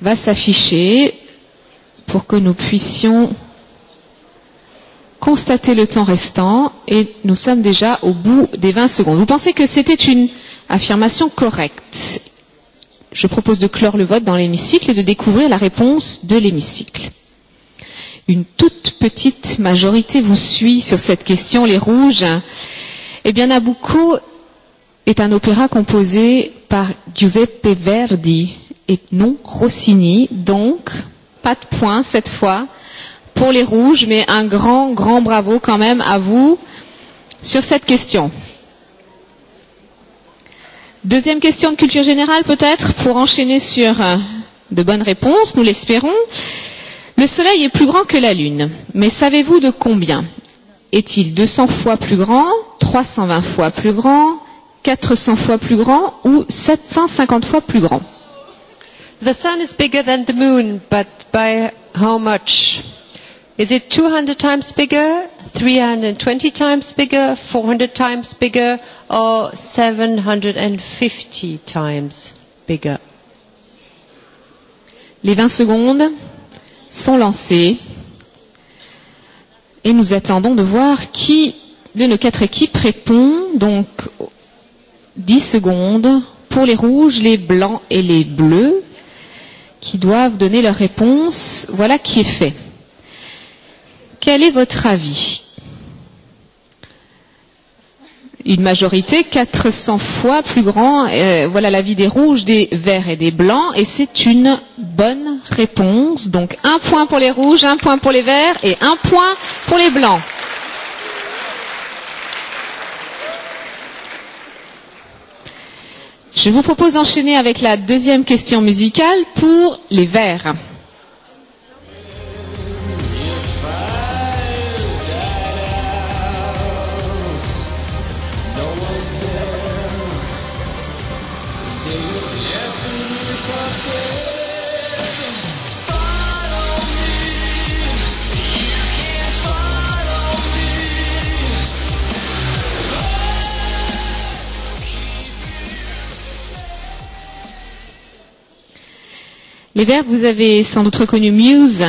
va s'afficher pour que nous puissions constater le temps restant et nous sommes déjà au bout des 20 secondes. Vous pensez que c'était une affirmation correcte Je propose de clore le vote dans l'hémicycle et de découvrir la réponse de l'hémicycle. Une toute petite majorité vous suit sur cette question, les rouges. Eh bien, Nabucco est un opéra composé par Giuseppe Verdi et non Rossini, donc Pas de points cette fois pour les rouges, mais un grand, grand bravo quand même à vous sur cette question. Deuxième question de culture générale peut-être pour enchaîner sur euh, de bonnes réponses, nous l'espérons. Le Soleil est plus grand que la Lune, mais savez-vous de combien Est-il 200 fois plus grand, 320 fois plus grand, 400 fois plus grand ou 750 fois plus grand
The sun is bigger than the moon, but by how much? Is it 200 times bigger, 320 times bigger, 400 times bigger, or 750 times bigger?
Les 20 secondes sont lancées et nous attendons de voir qui de nos quatre équipes répond. Donc 10 secondes pour les rouges, les blancs et les bleus qui doivent donner leur réponse. Voilà qui est fait. Quel est votre avis Une majorité 400 fois plus grand. Euh, voilà l'avis des rouges, des verts et des blancs. Et c'est une bonne réponse. Donc un point pour les rouges, un point pour les verts et un point pour les blancs. Je vous propose d'enchaîner avec la deuxième question musicale pour les Verts. Les verbes, vous avez sans doute reconnu Muse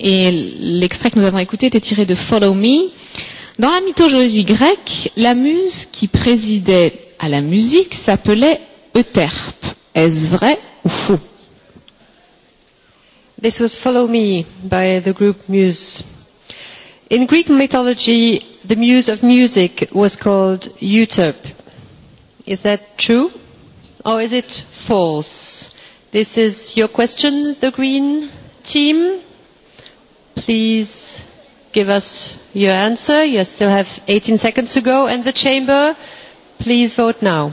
et l'extrait que nous avons écouté était tiré de Follow Me. Dans la mythologie grecque, la muse qui présidait à la musique s'appelait Euterpe. Est-ce vrai ou faux This was Follow Me by the group Muse.
In Greek mythology, the muse of music was called Euterpe. Is that true or is it false? This is your question, the Green team. Please give us your answer. You still have 18 seconds to go. And the chamber, please
vote now.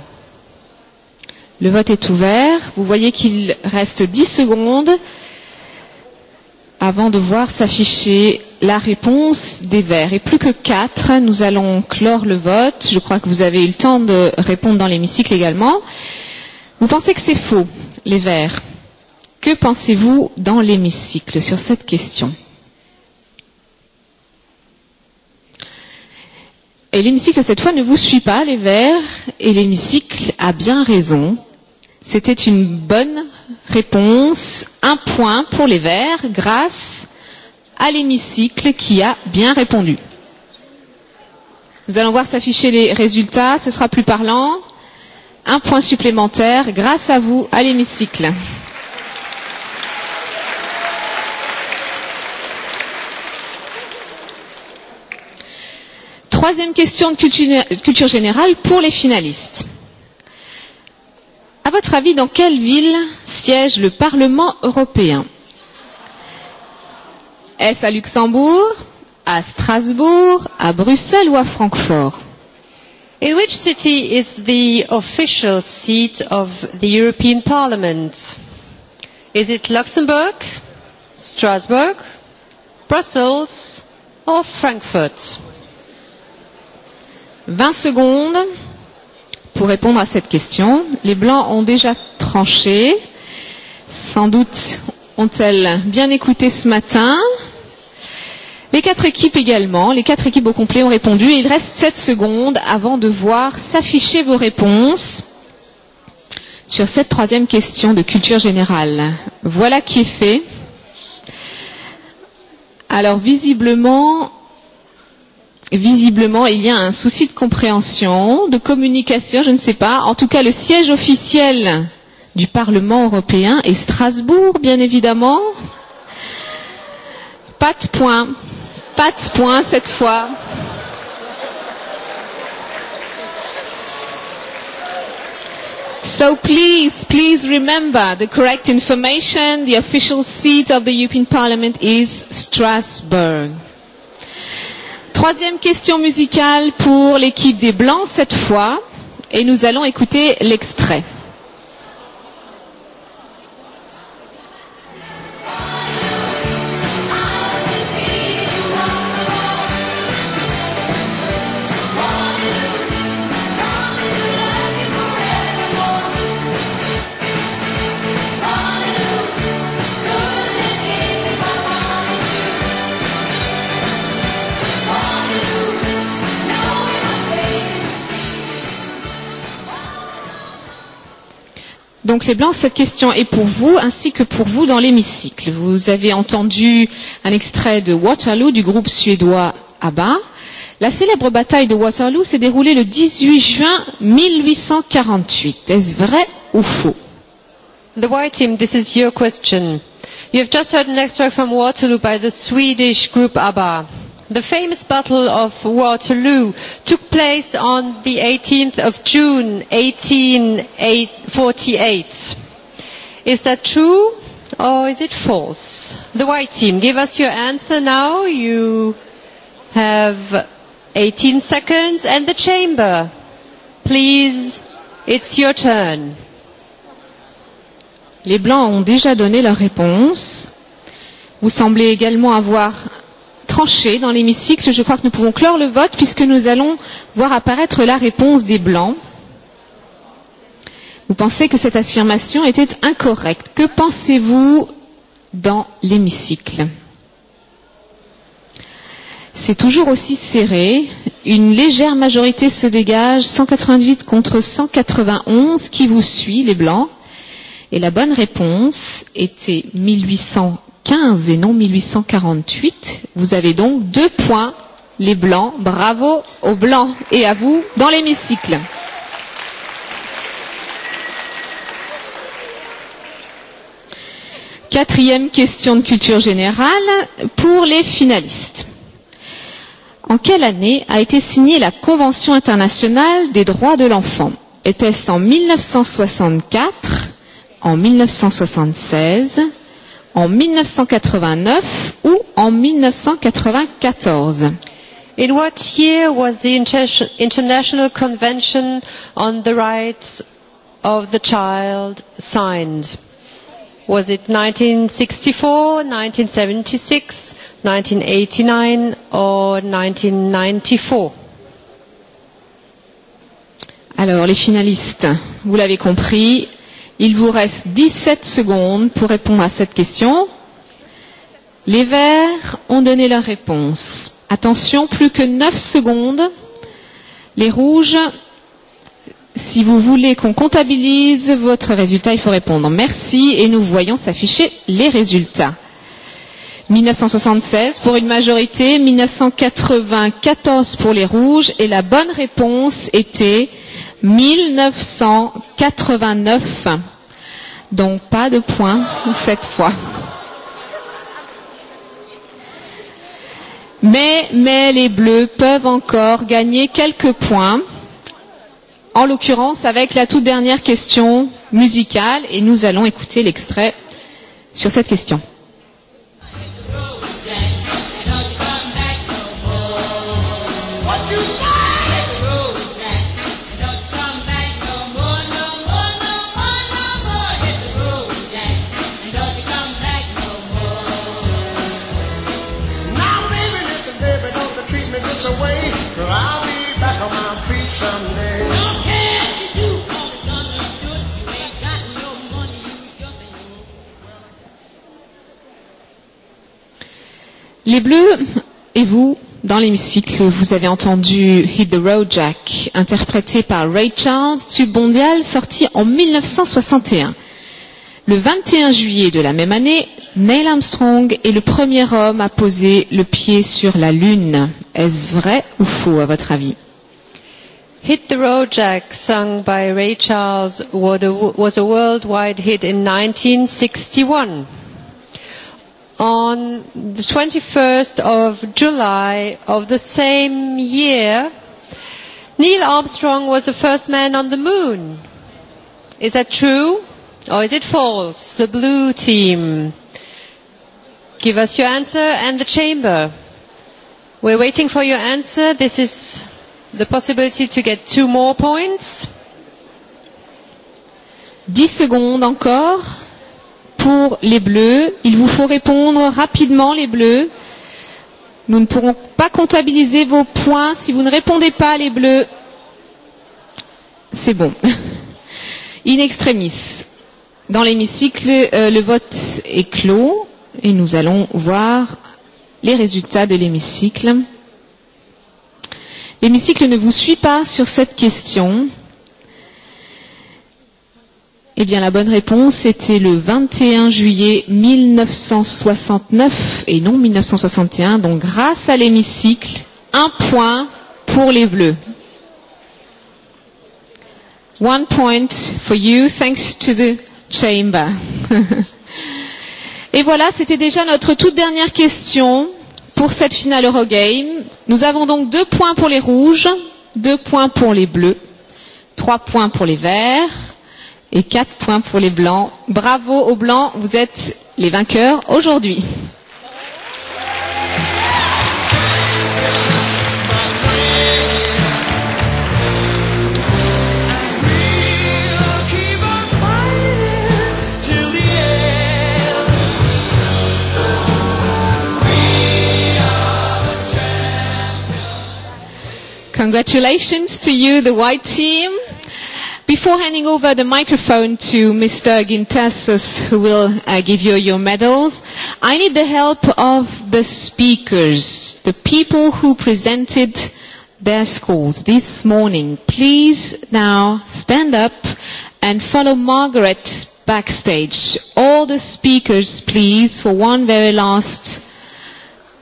Le vote est ouvert. Vous voyez qu'il reste 10 secondes avant de voir s'afficher la réponse des verts. Et plus que 4, nous allons clore le vote. Je crois que vous avez eu le temps de répondre dans l'hémicycle également. Vous pensez que c'est faux les Verts. Que pensez-vous dans l'hémicycle sur cette question Et l'hémicycle, cette fois, ne vous suit pas, les Verts, et l'hémicycle a bien raison. C'était une bonne réponse, un point pour les Verts, grâce à l'hémicycle qui a bien répondu. Nous allons voir s'afficher les résultats, ce sera plus parlant un point supplémentaire grâce à vous à l'hémicycle. Troisième question de culture, culture générale pour les finalistes. À votre avis, dans quelle ville siège le Parlement européen Est-ce à Luxembourg, à Strasbourg, à Bruxelles ou à Francfort In which city
is the official seat of the European Parliament? Is it Luxembourg, Strasbourg, Brussels
or Frankfurt? 20 secondes pour répondre à cette question. Les Blancs ont déjà tranché. Sans doute ont-elles bien écouté ce matin Les quatre équipes également, les quatre équipes au complet ont répondu. il reste 7 secondes avant de voir s'afficher vos réponses sur cette troisième question de culture générale. Voilà qui est fait. Alors visiblement, visiblement, il y a un souci de compréhension, de communication, je ne sais pas. En tout cas, le siège officiel du Parlement européen est Strasbourg, bien évidemment. Pas de point pas de points cette fois. So please, please remember the correct information. The official seat of the European Parliament is Strasbourg. Troisième question musicale pour l'équipe des Blancs cette fois. Et nous allons écouter l'extrait. Donc les Blancs, cette question est pour vous ainsi que pour vous dans l'hémicycle. Vous avez entendu un extrait de Waterloo du groupe suédois ABBA. La célèbre bataille de Waterloo s'est déroulée le 18 juin 1848. Est-ce vrai ou faux The white team, this is your
question. You have just heard an extract from Waterloo by the Swedish group ABBA. The famous Battle of Waterloo took place on the 18th of June 1848. Is that true or is it false? The white team, give us your answer now. You have 18 seconds. And the chamber, please,
it's your turn. Les blancs ont déjà donné leur réponse. Vous semblez également avoir tranchée dans l'hémicycle. Je crois que nous pouvons clore le vote puisque nous allons voir apparaître la réponse des Blancs. Vous pensez que cette affirmation était incorrecte. Que pensez-vous dans l'hémicycle C'est toujours aussi serré. Une légère majorité se dégage, 188 contre 191, qui vous suit, les Blancs. Et la bonne réponse était 1800. 1815 et non 1848. Vous avez donc deux points, les blancs. Bravo aux blancs et à vous dans l'hémicycle. Quatrième question de culture générale pour les finalistes. En quelle année a été signée la Convention internationale des droits de l'enfant Était-ce en 1964, en 1976 en 1989 ou en 1994.
In what year was the Inter International Convention on the Rights of the Child signed? Was it 1964, 1976, 1989
or 1994? Alors, les finalistes, vous l'avez compris, Il vous reste 17 secondes pour répondre à cette question. Les verts ont donné leur réponse. Attention, plus que 9 secondes. Les rouges, si vous voulez qu'on comptabilise votre résultat, il faut répondre merci et nous voyons s'afficher les résultats. 1976 pour une majorité, 1994 pour les rouges et la bonne réponse était 1976-1994. 1989. Donc pas de points cette fois. Mais, mais les bleus peuvent encore gagner quelques points. En l'occurrence, avec la toute dernière question musicale, et nous allons écouter l'extrait sur cette question. Les Bleus et vous, dans l'hémicycle, vous avez entendu Hit the Road Jack, interprété par Ray Charles, tube mondial sorti en 1961. Le 21 juillet de la même année, Neil Armstrong est le premier homme à poser le pied sur la Lune. Est-ce vrai ou faux à votre avis
Hit the Road Jack, sung by Ray Charles, was a worldwide hit in 1961 on the 21st of July of the same year, Neil Armstrong was the first man on the moon. Is that true or is it false? The blue team. Give us your answer and the chamber. We're waiting for your answer. This is the possibility to get two more points.
10 secondes encore pour les bleus. Il vous faut répondre rapidement les bleus. Nous ne pourrons pas comptabiliser vos points si vous ne répondez pas les bleus. C'est bon. In extremis. Dans l'hémicycle, euh, le vote est clos et nous allons voir les résultats de l'hémicycle. L'hémicycle ne vous suit pas sur cette question. Eh bien, la bonne réponse était le 21 juillet 1969 et non 1961. Donc, grâce à l'hémicycle, un point pour les Bleus. One point for you, thanks to the chamber. et voilà, c'était déjà notre toute dernière question pour cette finale Eurogame. Nous avons donc deux points pour les rouges, deux points pour les bleus, trois points pour les verts et 4 points pour les blancs. Bravo aux blancs, vous êtes les vainqueurs aujourd'hui. Congratulations to you, the white team. Before handing over the microphone to Mr. Gintasos, who will uh, give you your medals, I need the help of the speakers, the people who presented their schools this morning. Please now stand up and follow Margaret backstage. All the speakers, please, for one very last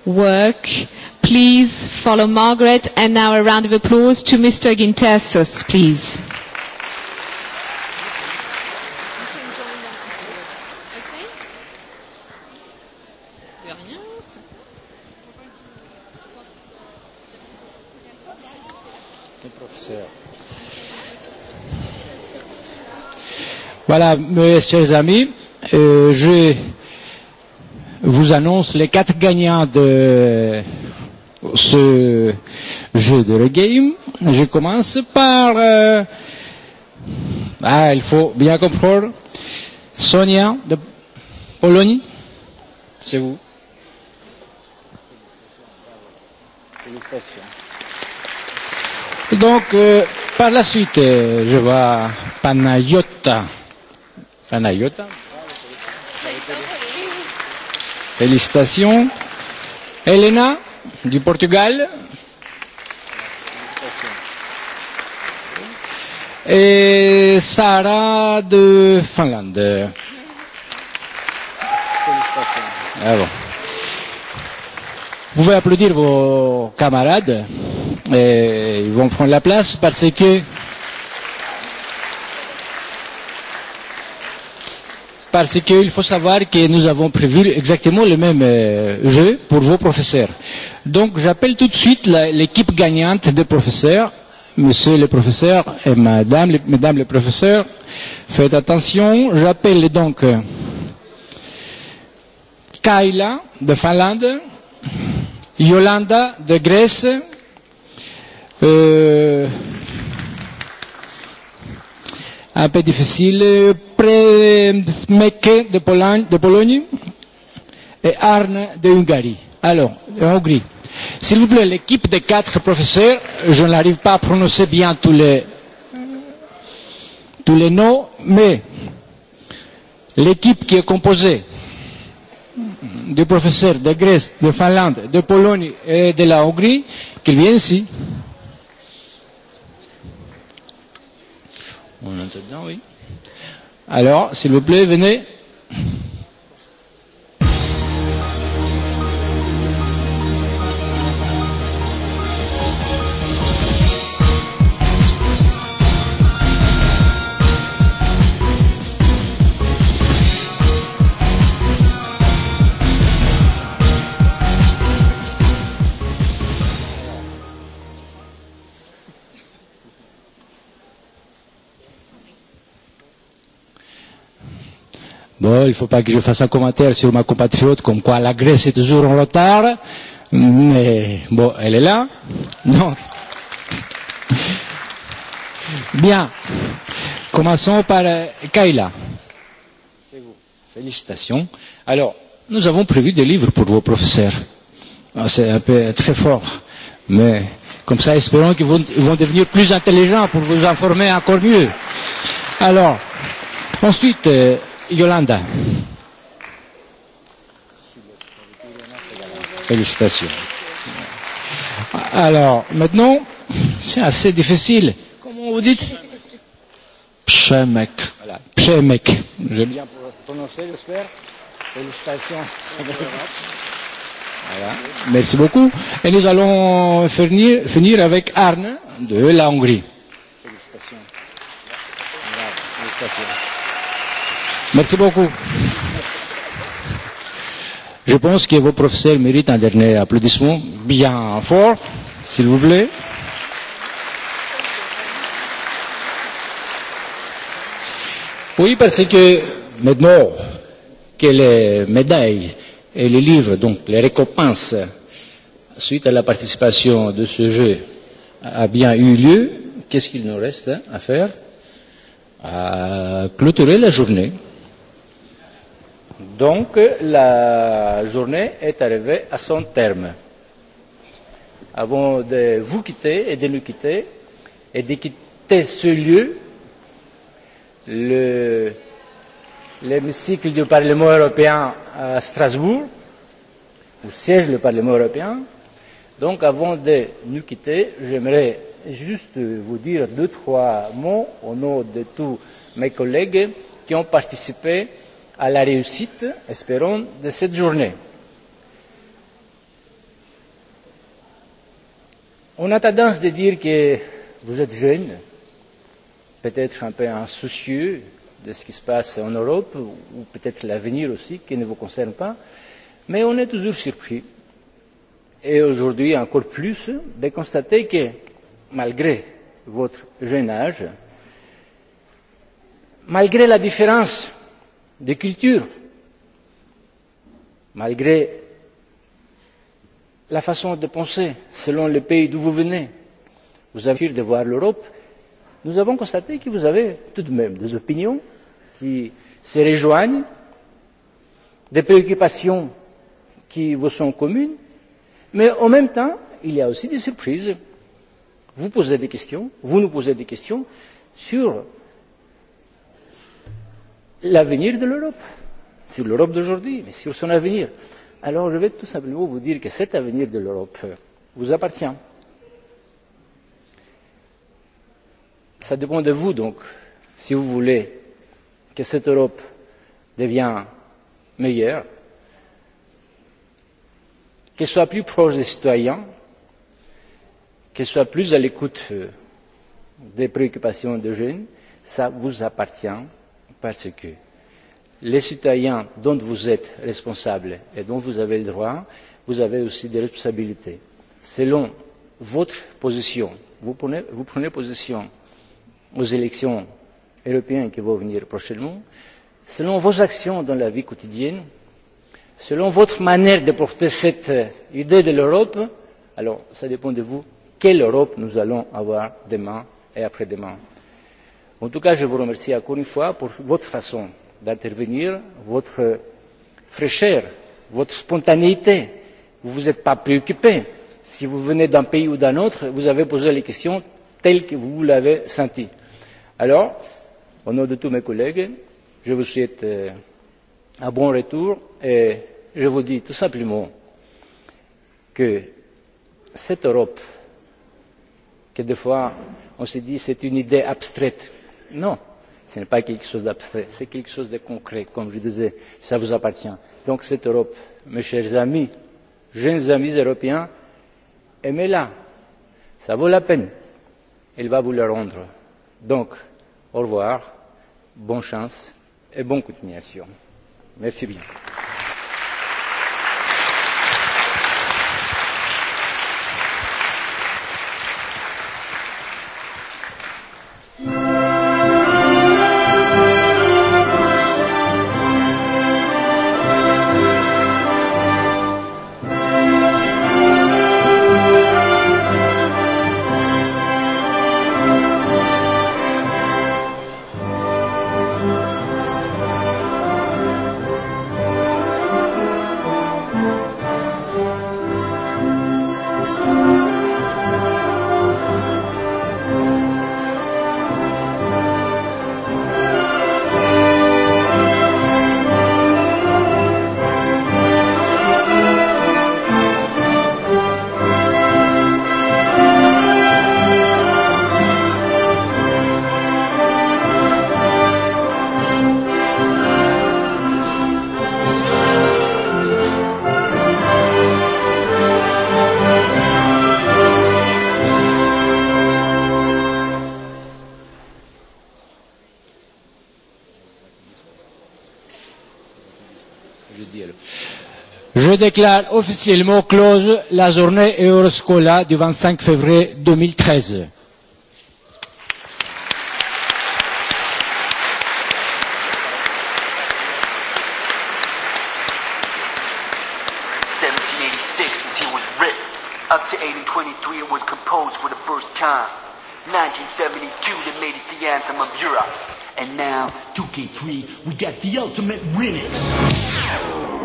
work. Please follow Margaret. And now a round of applause to Mr. Gintasos, please.
Voilà, mes chers amis, euh, je vous annonce les quatre gagnants de ce jeu de regame. Je commence par... Euh, ah, il faut bien comprendre. Sonia de Pologne, c'est vous. Donc, euh, par la suite, euh, je vois Panayota. Panayota. Félicitations. Elena, du Portugal. Et Sarah de Finlande. Félicitations. Ah bon. Vous pouvez applaudir vos camarades. Et ils vont prendre la place parce que parce qu'il faut savoir que nous avons prévu exactement le même euh, jeu pour vos professeurs. Donc j'appelle tout de suite l'équipe gagnante des professeurs. Monsieur le professeur et madame, les, mesdames les professeurs, faites attention. J'appelle donc euh, Kaila de Finlande, Yolanda de Grèce, euh, un peu difficile. Près de Smeke de Pologne, de Pologne et Arne de Hongrie. Alors, Hongrie. S'il vous plaît, l'équipe des quatre professeurs, je n'arrive pas à prononcer bien tous les, tous les noms, mais l'équipe qui est composée de professeurs de Grèce, de Finlande, de Pologne et de la Hongrie, qu'ils viennent ici. Si
On est dedans, oui.
Alors, s'il vous plaît, venez. Bon, il ne faut pas que je fasse un commentaire sur ma compatriote comme quoi la Grèce est toujours en retard, mais bon, elle est là. Donc, bien. Commençons par euh, Kayla. C'est vous. Félicitations. Alors, nous avons prévu des livres pour vos professeurs. Ah, c'est un peu très fort, mais comme ça, espérons qu'ils vont, vont devenir plus intelligents pour vous informer encore mieux. Alors, ensuite. Euh, Yolanda. Félicitations. Alors, maintenant, c'est assez difficile. Comment vous dites Pchemek. Voilà, Przemek. J'ai bien prononcé, j'espère. Félicitations. Voilà. Merci beaucoup. Et nous allons finir, finir avec Arne de la Hongrie. Félicitations. Félicitations. Merci beaucoup. Je pense que vos professeurs méritent un dernier applaudissement bien fort, s'il vous plaît. Oui, parce que maintenant que les médailles et les livres, donc les récompenses, suite à la participation de ce jeu, a bien eu lieu, qu'est-ce qu'il nous reste à faire À clôturer la journée Donc la journée est arrivée à son terme. Avant de vous quitter et de nous quitter et de quitter ce lieu, le, l'hémicycle du Parlement européen à Strasbourg, où siège le Parlement européen, donc avant de nous quitter, j'aimerais juste vous dire deux, trois mots au nom de tous mes collègues qui ont participé euh, à la réussite espérons de cette journée. on a tendance à dire que vous êtes jeune peut être un peu insoucieux de ce qui se passe en europe ou peut être l'avenir aussi qui ne vous concerne pas mais on est toujours surpris et aujourd'hui encore plus de constater que malgré votre jeune âge malgré la différence de cultures, malgré la façon de penser selon le pays d'où vous venez. Vous avez de voir l'Europe. Nous avons constaté que vous avez tout de même des opinions qui se rejoignent, des préoccupations qui vous sont communes, mais en même temps, il y a aussi des surprises. Vous posez des questions, vous nous posez des questions sur l'avenir de l'Europe, sur l'Europe d'aujourd'hui, mais sur son avenir. Alors je vais tout simplement vous dire que cet avenir de l'Europe euh, vous appartient. Ça dépend de vous donc, si vous voulez que cette Europe devienne meilleure, qu'elle soit plus proche des citoyens, qu'elle soit plus à l'écoute euh, des préoccupations des jeunes, ça vous appartient parce que les citoyens dont vous êtes responsables et dont vous avez le droit vous avez aussi des responsabilités. selon votre position vous prenez, vous prenez position aux élections européennes qui vont venir prochainement selon vos actions dans la vie quotidienne selon votre manière de porter cette idée de l'europe alors ça dépend de vous quelle europe nous allons avoir demain et après demain en tout cas je vous remercie encore une fois pour votre façon d'intervenir votre fraîcheur votre spontanéité. vous ne vous êtes pas préoccupé. si vous venez d'un pays ou d'un autre vous avez posé les questions telles que vous l'avez senti. alors au nom de tous mes collègues je vous souhaite euh, un bon retour et je vous dis tout simplement que cette europe que des fois on se dit c'est une idée abstraite Non, ce n'est pas quelque chose d'abstrait, c'est quelque chose de concret, comme je disais, ça vous appartient. Donc cette Europe, mes chers amis, jeunes amis européens, aimez-la, ça vaut la peine, elle va vous la rendre. Donc, au revoir, bonne chance et bonne continuation. Merci bien. déclare officiellement close la journée Euroscola du 25 février 2013.
Up to 1823, it was composed for the first time. 1972, they made it the anthem of
Europe. And now, 2K3, we got the ultimate winners.